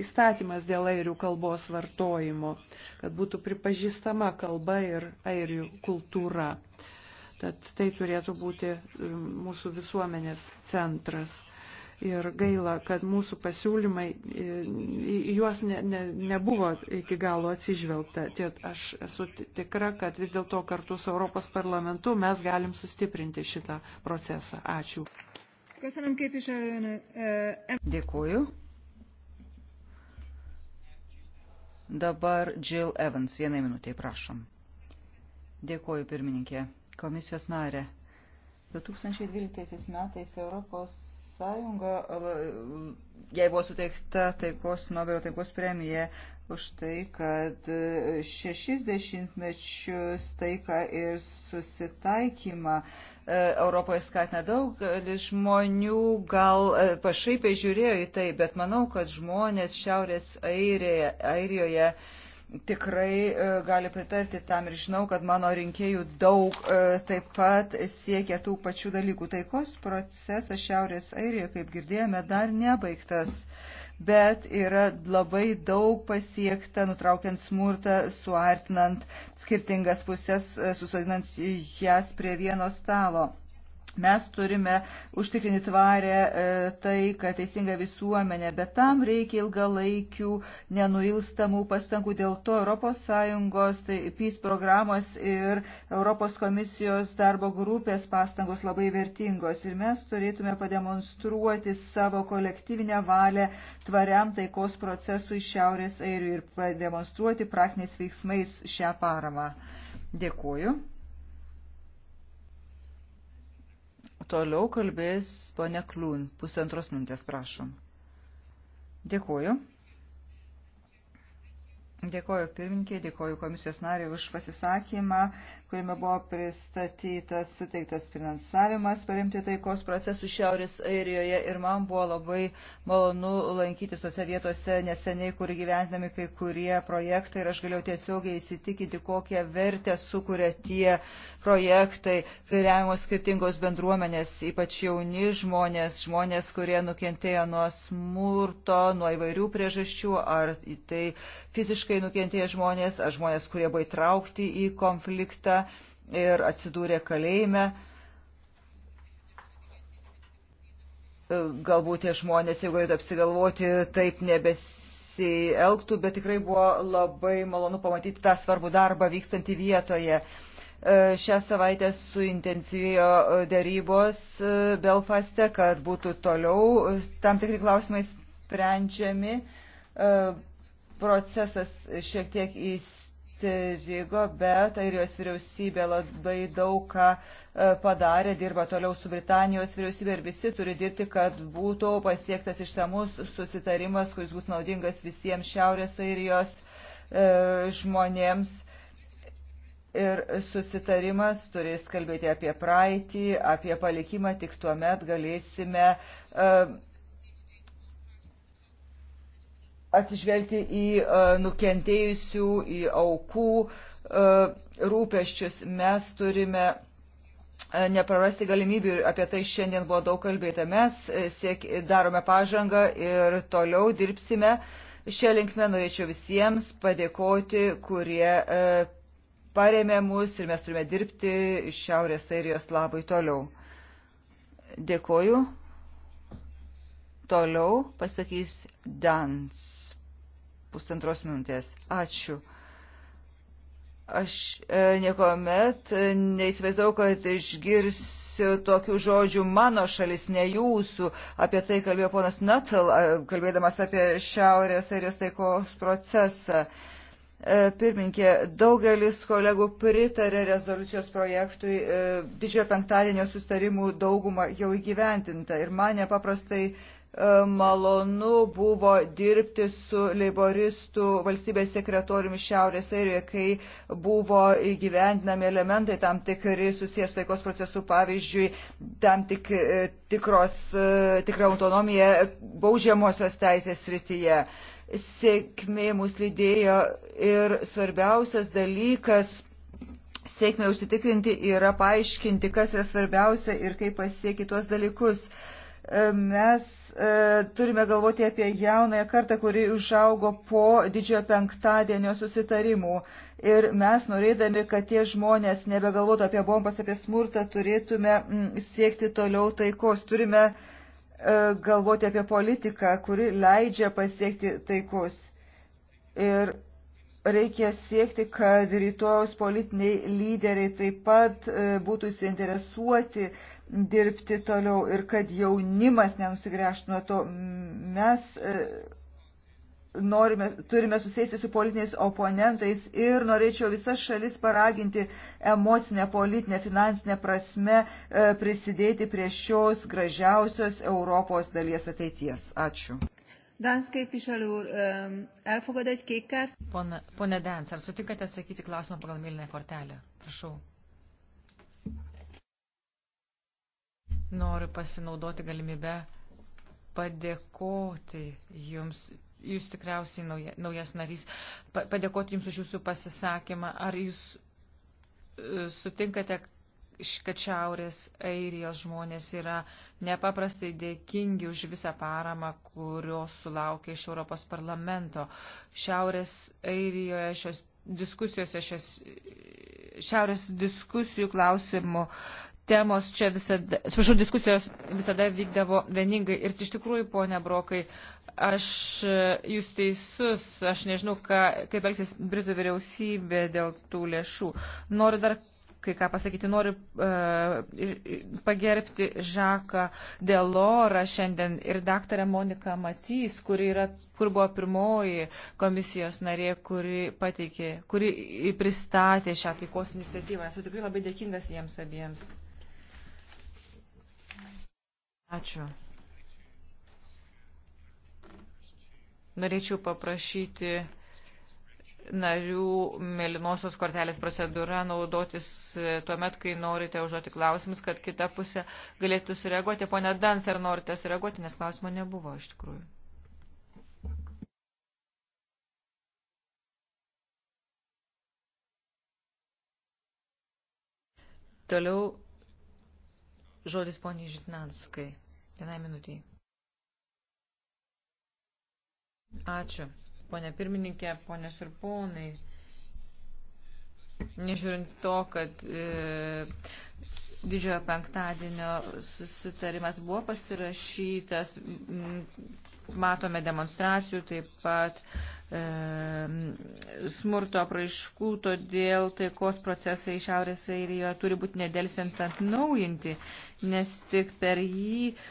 įstatymas dėl airių kalbos vartojimo, kad būtų pripažįstama kalba ir airių kultūra. Tad tai turėtų būti e, mūsų visuomenės centras. Ir gaila, kad mūsų pasiūlymai, e, juos ne, ne, nebuvo iki galo atsižvelgta. Tiet aš esu tikra, kad vis dėlto kartu su Europos parlamentu mes galim sustiprinti šitą procesą. Ačiū. E, Dėkuoju. Dabar Jill Evans, vienai minutiai prašom. Dėkuoju pirmininkė komisijos narę. 2012 metais Europos Sąjunga, jai buvo suteikta taikos Nobelio taikos premija už tai, kad 60 mečius taiką ir susitaikymą e, Europoje skatina daug žmonių, gal e, pašaipiai žiūrėjo į tai, bet manau, kad žmonės Šiaurės Airijoje, Airijoje tikrai e, gali pritarti tam ir žinau, kad mano rinkėjų daug e, taip pat siekia tų pačių dalykų. Taikos procesas Šiaurės Airijoje, kaip girdėjome, dar nebaigtas, bet yra labai daug pasiekta, nutraukiant smurtą, suartinant skirtingas pusės, e, susodinant jas prie vieno stalo. Mes turime užtikrinti tvarę e, tai, kad teisinga visuomenė, bet tam reikia ilgalaikių, nenuilstamų pastangų. Dėl to ES tai, PIS programos ir ES darbo grupės pastangos labai vertingos. Ir mes turėtume pademonstruoti savo kolektyvinę valią tvariam taikos procesui Šiaurės Airių ir pademonstruoti praktiniais veiksmais šią paramą. Dėkuoju. Toliau kalbės ponia Kliūn. Pusantros minutės, prašom. Dėkuoju. Dėkoju pirmininkė, dėkoju komisijos nariai už pasisakymą kuriame buvo pristatytas suteiktas finansavimas paremti taikos procesų Šiaurės Airijoje ir man buvo labai malonu lankytis tose vietose neseniai, kur gyvendami kai kurie projektai ir aš galėjau tiesiogiai įsitikinti, kokią vertę sukuria tie projektai, kai remiamos skirtingos bendruomenės, ypač jauni žmonės, žmonės, kurie nukentėjo nuo smurto, nuo įvairių priežasčių, ar tai fiziškai nukentėjo žmonės, ar žmonės, kurie buvo įtraukti į konfliktą. Sirijoje ir atsidūrė kalėjime. Galbūt tie žmonės, jeigu galėtų apsigalvoti, taip nebesielgtų, bet tikrai buvo labai malonu pamatyti tą svarbų darbą vykstantį vietoje. E, šią savaitę suintensyvėjo dėrybos e, Belfaste, kad būtų toliau tam tikri klausimai sprendžiami e, procesas šiek tiek įsitikinti strigo, bet airijos vyriausybė labai daug ką e, padarė, dirba toliau su Britanijos vyriausybė ir visi turi dirbti, kad būtų pasiektas išsamus susitarimas, kuris būtų naudingas visiems Šiaurės airijos e, žmonėms. Ir susitarimas turės kalbėti apie praeitį, apie palikimą, tik tuomet galėsime uh, atsižvelgti į e, nukentėjusių, į aukų e, rūpeščius. Mes turime e, neprarasti galimybių ir apie tai šiandien buvo daug kalbėta. Mes siek, darome pažangą ir toliau dirbsime. Šią linkmę norėčiau visiems padėkoti, kurie paremė mus ir mes turime dirbti Šiaurės Airijos labai toliau. Dėkoju. Toliau pasakys Dans pusantros minutės. Ačiū. Aš e, niekuomet neįsivaizdavau, kad išgirsiu tokių žodžių mano šalis, ne jūsų. Apie tai kalbėjo ponas Nuttall, kalbėdamas apie Šiaurės airijos taikos procesą. E, pirminkė, daugelis kolegų pritarė rezoliucijos projektui, e, didžiojo penktadienio sustarimų daugumą jau įgyventinta ir mane paprastai E, malonu buvo dirbti su leiboristų valstybės sekretoriumi Šiaurės Airijoje, kai buvo įgyvendinami elementai tam tikri susijęs taikos procesų, pavyzdžiui, tam tik, e, tikros, e, tikra autonomija baudžiamosios teisės srityje. Sėkmė mus lydėjo ir svarbiausias dalykas sėkmę užsitikrinti yra paaiškinti, kas yra svarbiausia ir kaip pasiekti tuos dalykus. Mes E, turime galvoti apie jaunąją kartą, kuri užaugo po didžiojo penktadienio susitarimų. Ir mes, norėdami, kad tie žmonės nebegalvotų apie bombas, apie smurtą, turėtume siekti toliau taikos. Turime e, galvoti apie politiką, kuri leidžia pasiekti taikos. Ir reikia siekti, kad rytojus politiniai lyderiai taip pat e, būtų suinteresuoti dirbti toliau ir kad jaunimas nenusigręžtų nuo to. Mes e, norime, turime susėsti su politiniais oponentais ir norėčiau visas šalis paraginti emocinę, politinę, finansinę prasme e, prisidėti prie šios gražiausios Europos dalies ateities. Ačiū. Dans képviselő úr, elfogad egy kékkert? Pone Dans, ar sutinkate atsakyti klausimą pagal mėlynąją kortelę? Prašau. Noriu pasinaudoti galimybę padėkoti jums. Jūs tikriausiai nauja, naujas narys. Pa, padėkoti jums už jūsų pasisakymą. Ar jūs e, sutinkate, kad Šiaurės Airijos žmonės yra nepaprastai dėkingi už visą paramą, kurios sulaukia iš Europos parlamento. Šiaurės Airijoje šios diskusijose, šios, šiaurės diskusijų klausimų temos čia visada, atsiprašau, diskusijos visada vykdavo vieningai. Ir iš tikrųjų, ponia Brokai, aš jūs teisus, aš nežinau, ką, kaip elgsis Britų vyriausybė dėl tų lėšų. Noriu dar kai ką pasakyti, noriu uh, pagerbti Žaką Delorą šiandien ir daktarę Moniką Matys, kuri, yra, kur buvo pirmoji komisijos narė, kuri pateikė, kuri pristatė šią taikos iniciatyvą. Esu tikrai labai dėkingas jiems abiems. Ačiū. Norėčiau paprašyti narių mėlynosios kortelės procedūra naudotis tuo met, kai norite užduoti klausimus, kad kita pusė galėtų sureaguoti. Pone Dans, ar norite sureaguoti, nes klausimo nebuvo iš tikrųjų. Toliau žodis poniai Žitnanskai vienai minutiai. Ačiū, ponė pirmininkė, ponės ir ponai. Nežiūrint to, kad e, didžiojo penktadienio susitarimas buvo pasirašytas, matome demonstracijų taip pat e, smurto apraiškų, todėl taikos procesai Šiaurės Airijoje turi būti nedelsiant atnaujinti, nes tik per jį e,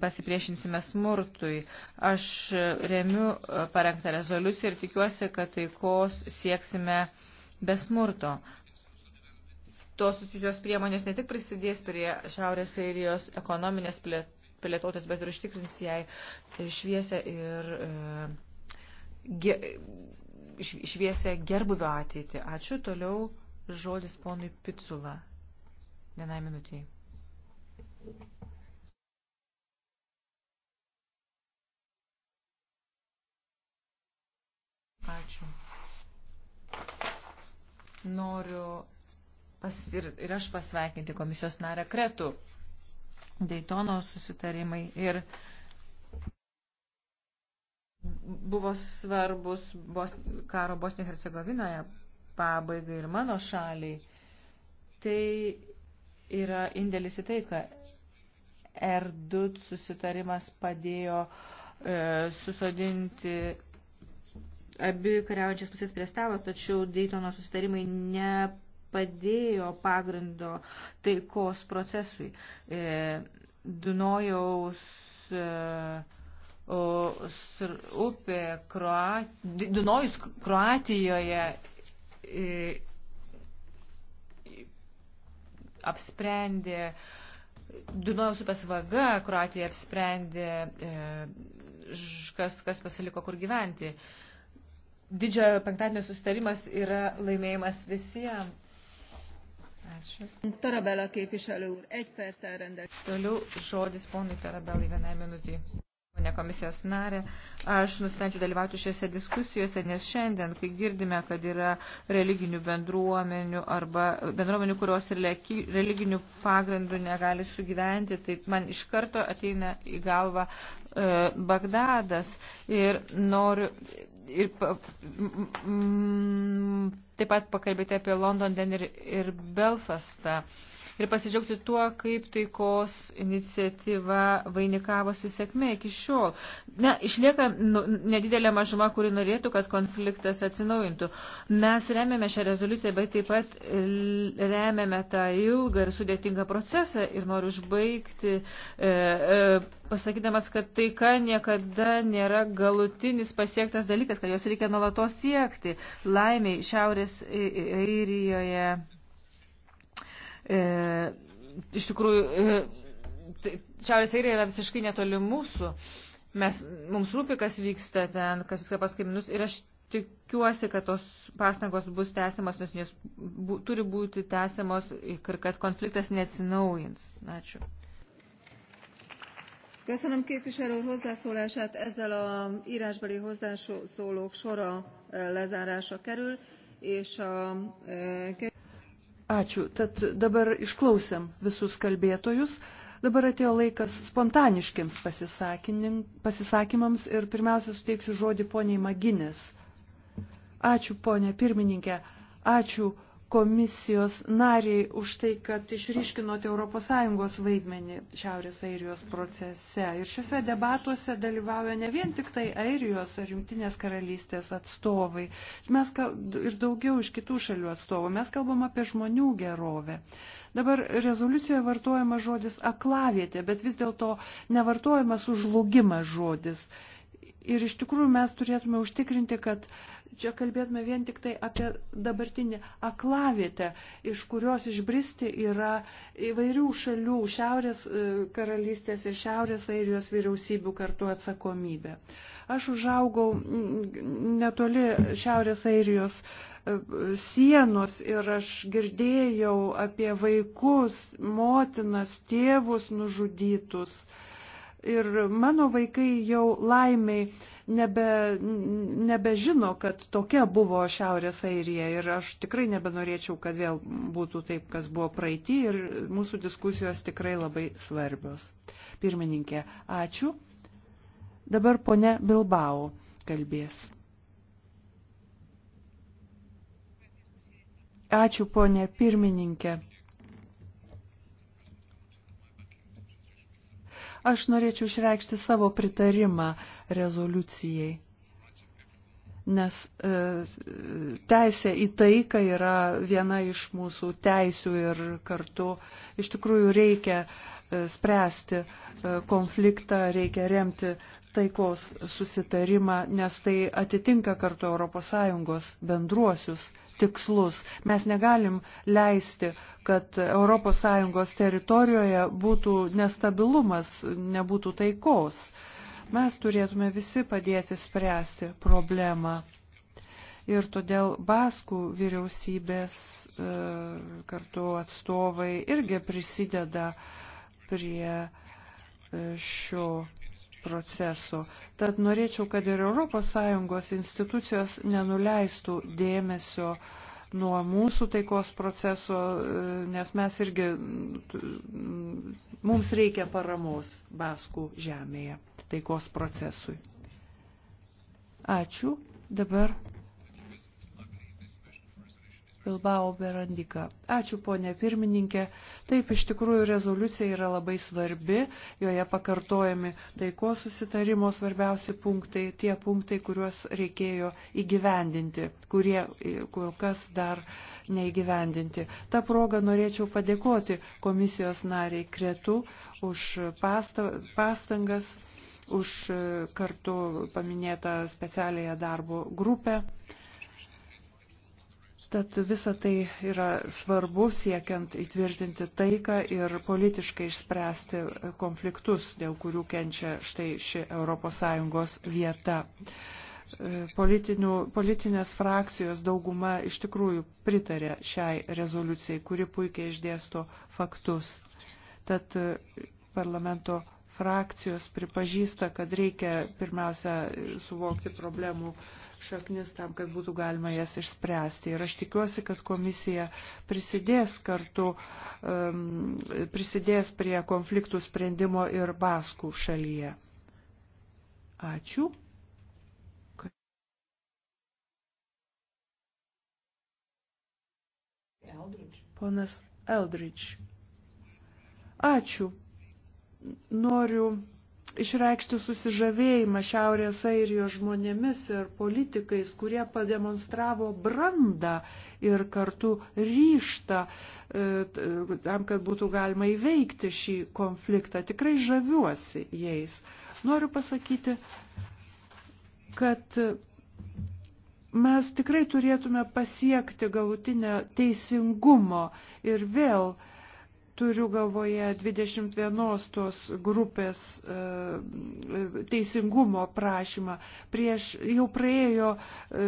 pasipriešinsime smurtui. Aš remiu parengtą rezoliuciją ir tikiuosi, kad taikos sieksime be smurto. Tos susijusios priemonės ne tik prisidės prie Šiaurės Airijos ekonominės plėtotės, bet ir užtikrins jai šviesę ir ge, šviesę gerbuvio ateitį. Ačiū. Toliau žodis ponui Picula. Vienai minutiai. Thank you. Ačiū. Noriu pas, ir, ir aš pasveikinti komisijos narę Kretų. Daytono susitarimai ir buvo svarbus bos, karo Bosnijoje Hercegovinoje pabaigai ir mano šaliai. Tai yra indėlis į tai, kad R2 susitarimas padėjo e, susodinti abi kariaujančias pusės prie stalo, tačiau Daytono susitarimai nepadėjo pagrindo taikos procesui. E, Dunojaus e, upė Kroat, Dunojus Kroatijoje e, apsprendė Dunojaus upės vaga Kroatija apsprendė, e, kas, kas pasiliko kur gyventi. E, didžiojo penktadienio susitarimas yra laimėjimas visiems. Ačiū. Tarabela képviselő úr, egy perccel rendelkezik. Toliau žodis ponui Tarabelai vienai minutį. Pone komisijos narė, aš nusprendžiu dalyvauti šiose diskusijose, nes šiandien, kai girdime, kad yra religinių bendruomenių arba bendruomenių, kurios ir religinių pagrindų negali sugyventi, tai man iš karto ateina į galvą e, Bagdadas ir noriu ir mm, taip pat pakalbėti apie London ir, ir Belfastą ir pasidžiaugti tuo, kaip taikos iniciatyva vainikavosi sėkmė iki šiol. Ne, išlieka nu, nedidelė mažuma, kuri norėtų, kad konfliktas atsinaujintų. Mes remiame šią rezoliuciją, bet taip pat remiame tą ilgą ir sudėtingą procesą ir noriu užbaigti. E, e, pasakydamas, kad taika niekada nėra galutinis pasiektas dalykas, kad jos reikia nuolatos siekti. Laimiai Šiaurės padėtis Airijoje. E, iš tikrųjų, e, tai Šiaurės Airija yra visiškai netoli mūsų. Mes, mums rūpi, kas vyksta ten, kas vyksta pas kaimynus. Ir aš tikiuosi, kad tos pastangos bus tęsiamos, nes jos bu, turi būti tęsiamos ir kad konfliktas neatsinaujins. Ačiū. Köszönöm képviselő úr hozzászólását, ezzel a írásbeli hozzászólók sora e, lezárása kerül. E, Ačiū. Tad dabar išklausėm visus kalbėtojus. Dabar atėjo laikas spontaniškiams pasisakymams ir pirmiausia suteiksiu žodį poniai Maginės. Ačiū, ponė pirmininkė. Ačiū komisijos nariai už tai, kad išryškinote ES vaidmenį Šiaurės Airijos procese. Ir šiuose debatuose dalyvauja ne vien tik tai Airijos ar Junktinės karalystės atstovai, mes ir daugiau iš kitų šalių atstovų. Mes kalbam apie žmonių gerovę. Dabar rezoliucijoje vartojamas žodis aklavietė, bet vis dėlto nevartojamas užlugimas žodis. Ir iš tikrųjų mes turėtume užtikrinti, kad čia kalbėtume vien tik tai apie dabartinį aklavietę, iš kurios išbristi yra įvairių šalių, Šiaurės e, karalystės ir Šiaurės airijos vyriausybių kartu atsakomybė. Aš užaugau mm, netoli Šiaurės airijos e, sienos ir aš girdėjau apie vaikus, motinas, tėvus nužudytus. Uh, Ir mano vaikai jau laimiai nebe, nebežino, kad tokia buvo Šiaurės Airija ir aš tikrai nebenorėčiau, kad vėl būtų taip, kas buvo praeitį ir mūsų diskusijos tikrai labai svarbios. Pirmininkė, ačiū. Dabar ponia Bilbao kalbės. Ačiū ponė pirmininkė. Aš norėčiau išreikšti savo pritarimą rezoliucijai, nes e, teisė į taiką yra viena iš mūsų teisių ir kartu iš tikrųjų reikia e, spręsti e, konfliktą, reikia remti taikos susitarimą, nes tai atitinka kartu ES bendruosius tikslus. Mes negalim leisti, kad ES teritorijoje būtų nestabilumas, nebūtų taikos. Mes turėtume visi padėti spręsti problemą. Ir todėl Baskų vyriausybės e, kartu atstovai irgi prisideda prie e, šio proceso. Tad norėčiau, kad ir ES institucijos nenuleistų dėmesio nuo mūsų taikos proceso, e, nes mes irgi, mums reikia paramos Baskų žemėje taikos procesui. Ačiū. Dabar Bilbao Berandika. Ačiū, ponė pirmininkė. Taip, iš tikrųjų, rezoliucija yra labai svarbi, joje pakartojami taiko susitarimo svarbiausi punktai, tie punktai, kuriuos reikėjo įgyvendinti, kurie e, kur kas dar neįgyvendinti. Ta proga norėčiau padėkoti komisijos nariai Kretu už pastangas už e, kartu paminėtą specialiąją darbo grupę Tad visa tai yra svarbu siekiant įtvirtinti taiką ir politiškai išspręsti konfliktus, dėl kurių kenčia štai ši ES vieta. Politinių, politinės frakcijos dauguma iš tikrųjų pritarė šiai rezoliucijai, kuri puikiai išdėsto faktus. Tad parlamento frakcijos pripažįsta, kad reikia pirmiausia suvokti problemų šaknis tam, kad būtų galima jas išspręsti. Ir aš tikiuosi, kad komisija prisidės kartu, um, prisidės prie konfliktų sprendimo ir Baskų šalyje. Ačiū. Ponas Eldridge. Ačiū noriu išreikšti susižavėjimą Šiaurės Airijos žmonėmis ir politikais, kurie pademonstravo brandą ir kartu ryštą e, tam, kad būtų galima įveikti šį konfliktą. Tikrai žaviuosi jais. Noriu pasakyti, kad mes tikrai turėtume pasiekti galutinę teisingumo ir vėl uh, turiu galvoje 21 tos grupės e, teisingumo prašymą. Prieš jau praėjo e,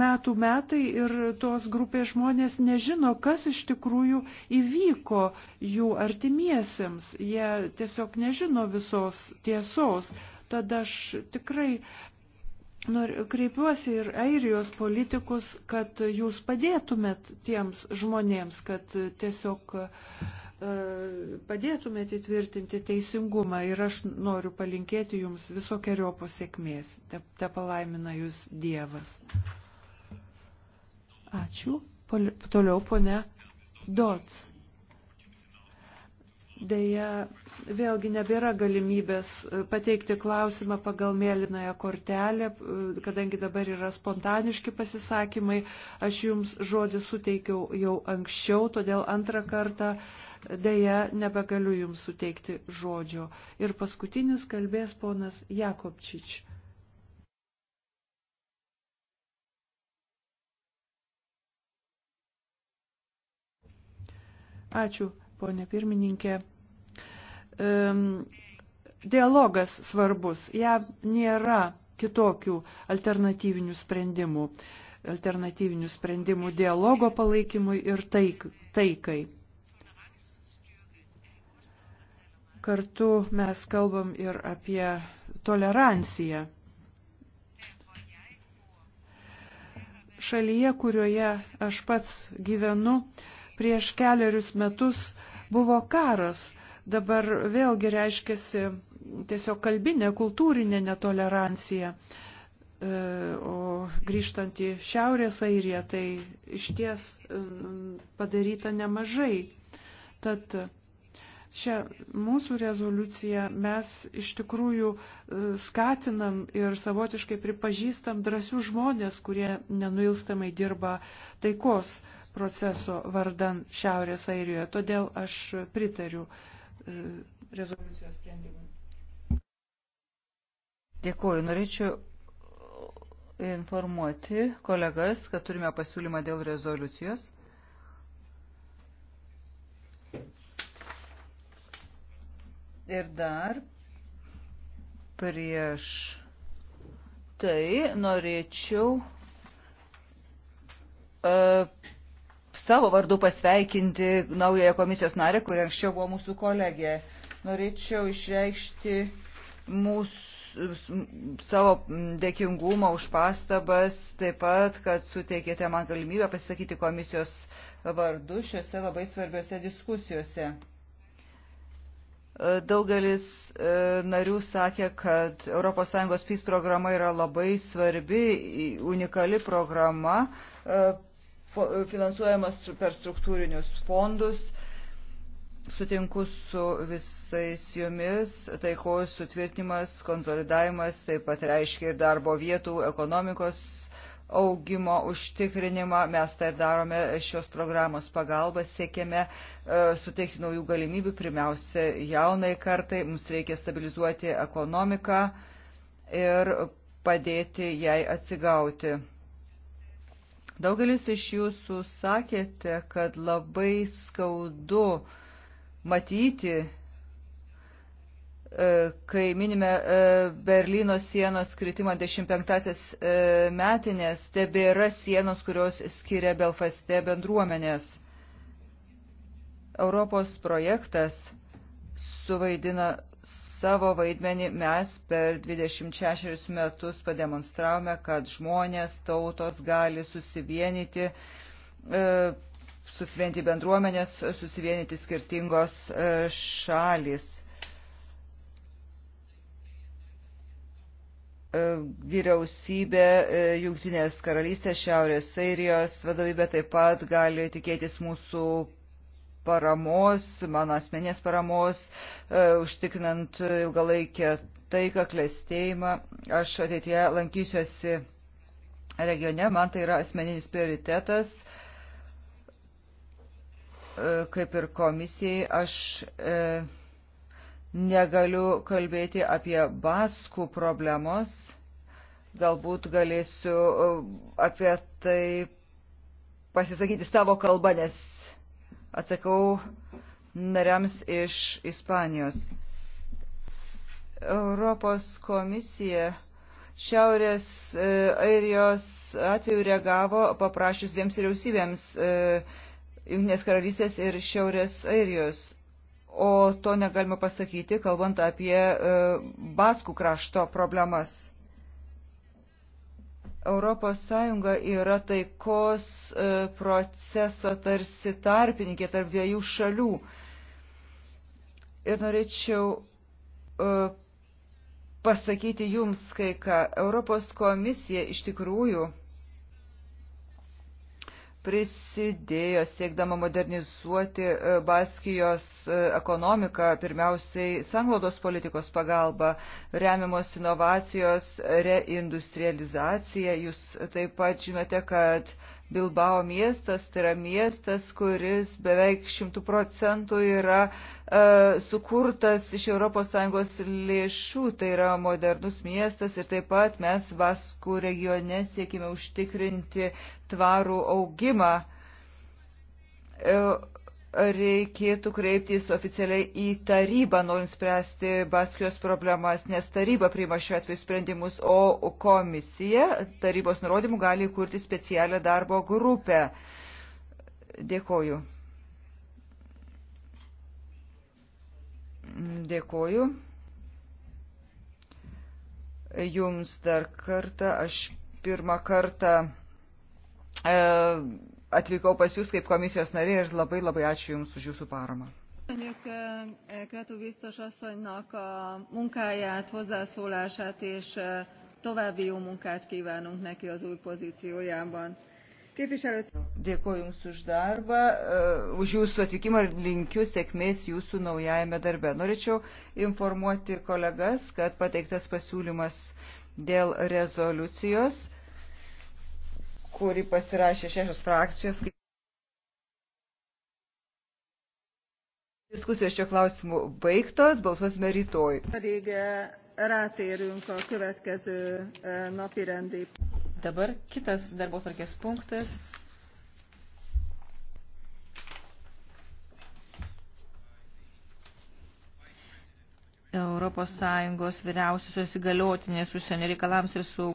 metų metai ir tos grupės žmonės nežino, kas iš tikrųjų įvyko jų artimiesiems. Jie tiesiog nežino visos tiesos. Tada aš tikrai kreipiuosi ir airijos politikus, kad jūs padėtumėt tiems žmonėms, kad tiesiog uh, E, padėtumėte įtvirtinti teisingumą ir aš noriu palinkėti jums visokiojo sėkmės. Te, te palaimina jūs Dievas. Ačiū. Pol, toliau ponia Dots. Deja, vėlgi nebėra galimybės e, pateikti klausimą pagal mėlynąją kortelę, e, kadangi dabar yra spontaniški pasisakymai. Aš jums žodį suteikiau jau anksčiau, todėl antrą kartą uh, Deja, nebegaliu jums suteikti žodžio. Ir paskutinis kalbės ponas Jakobčič. Ačiū, ponė pirmininkė. Dialogas svarbus. JAV nėra kitokių alternatyvinių sprendimų. Alternatyvinių sprendimų dialogo palaikymui ir taik, taikai. Kartu mes kalbam ir apie toleranciją. Šalyje, kurioje aš pats gyvenu, prieš keliarius metus buvo karas, dabar vėlgi reiškiasi tiesiog kalbinė, kultūrinė netolerancija. E, o grįžtant į Šiaurės Airiją, tai iš ties e, padaryta nemažai. Tad Šią mūsų rezoliuciją mes iš tikrųjų e, skatinam ir savotiškai pripažįstam drąsių žmonės, kurie nenuilstamai dirba taikos proceso vardan Šiaurės Airijoje. Todėl aš pritariu e, rezoliucijos sprendimui. Dėkuoju. Norėčiau informuoti kolegas, kad turime pasiūlymą dėl rezoliucijos. Ir dar prieš tai norėčiau uh, savo vardu pasveikinti naująją komisijos narę, kuri anksčiau buvo mūsų kolegė. Norėčiau išreikšti mūsų savo dėkingumą už pastabas, taip pat, kad suteikėte man galimybę pasisakyti komisijos vardu šiuose labai svarbiose diskusijose. Daugelis e, narių sakė, kad ES PIS programa yra labai svarbi, unikali programa, e, finansuojamas per struktūrinius fondus. Sutinku su visais jumis, taikos sutvirtinimas, konsolidavimas taip pat reiškia ir darbo vietų, ekonomikos augimo užtikrinimą. Mes tai darome šios programos pagalba, siekiame e, suteikti naujų galimybių, pirmiausia, jaunai kartai. Mums reikia stabilizuoti ekonomiką ir padėti jai atsigauti. Daugelis iš jūsų sakėte, kad labai skaudu matyti E, kai minime e, Berlyno sienos kritimo 15-asias e, metinės, tebėra sienos, kurios skiria Belfaste bendruomenės. Europos projektas suvaidina savo vaidmenį. Mes per 26 metus pademonstravome, kad žmonės, tautos gali susivienyti, susivienyti bendruomenės, susivienyti skirtingos šalis E, vyriausybė e, Jungtinės karalystės Šiaurės Airijos vadovybė taip pat gali tikėtis mūsų paramos, mano asmenės paramos, e, užtikrinant ilgalaikę taiką, klėstėjimą. Aš ateitie lankysiuosi regione, man tai yra asmeninis prioritetas kaip ir komisijai, aš negaliu kalbėti apie baskų problemos, galbūt galėsiu uh, apie tai pasisakyti savo kalbą, nes atsakau nariams iš Ispanijos. Europos komisija Šiaurės uh, Airijos atveju reagavo paprašius dviems vyriausybėms uh, Junktinės karalystės ir Šiaurės Airijos o to negalima pasakyti, kalbant apie e, Baskų krašto problemas. Europos Sąjunga yra taikos e, proceso tarsi tarpininkė tarp dviejų šalių. Ir norėčiau e, pasakyti jums, kai ką Europos komisija iš tikrųjų prisidėjo siekdama modernizuoti e, Baskijos e, ekonomiką, pirmiausiai sanglaudos politikos pagalba, remiamos inovacijos, reindustrializacija. Jūs taip pat žinote, kad Bilbao miestas, tai yra miestas, kuris beveik šimtų procentų yra e, sukurtas iš ES lėšų, tai yra modernus miestas ir taip pat mes Vaskų regione siekime užtikrinti tvarų augimą. E, reikėtų kreiptis oficialiai į tarybą, norint spręsti Baskijos problemas, nes taryba priima šiuo atveju sprendimus, o komisija tarybos nurodymų gali kurti specialią darbo grupę. Dėkoju. Dėkoju. Jums dar kartą, aš pirmą kartą. E, atvykau pas Jūs kaip komisijos narė ir labai labai ačiū Jums už Jūsų paramą. Köszönjük eh, Kretu biztos asszonynak a munkáját, hozzászólását, és eh, további jó munkát kívánunk neki az új pozíciójában. Képviselőt... Dėkuoju Jums už darbą, eh, už Jūsų atvykimą ir linkiu sėkmės Jūsų naujajame darbe. Norėčiau informuoti kolegas, kad pateiktas pasiūlymas dėl rezoliucijos kurį pasirašė šešios frakcijos. Diskusijos šio klausimu baigtos, balsuosime rytoj. Eh, eh, Dabar kitas darbo tvarkės punktas. Europos Sąjungos vyriausiosios įgaliotinės užsienio reikalams ir su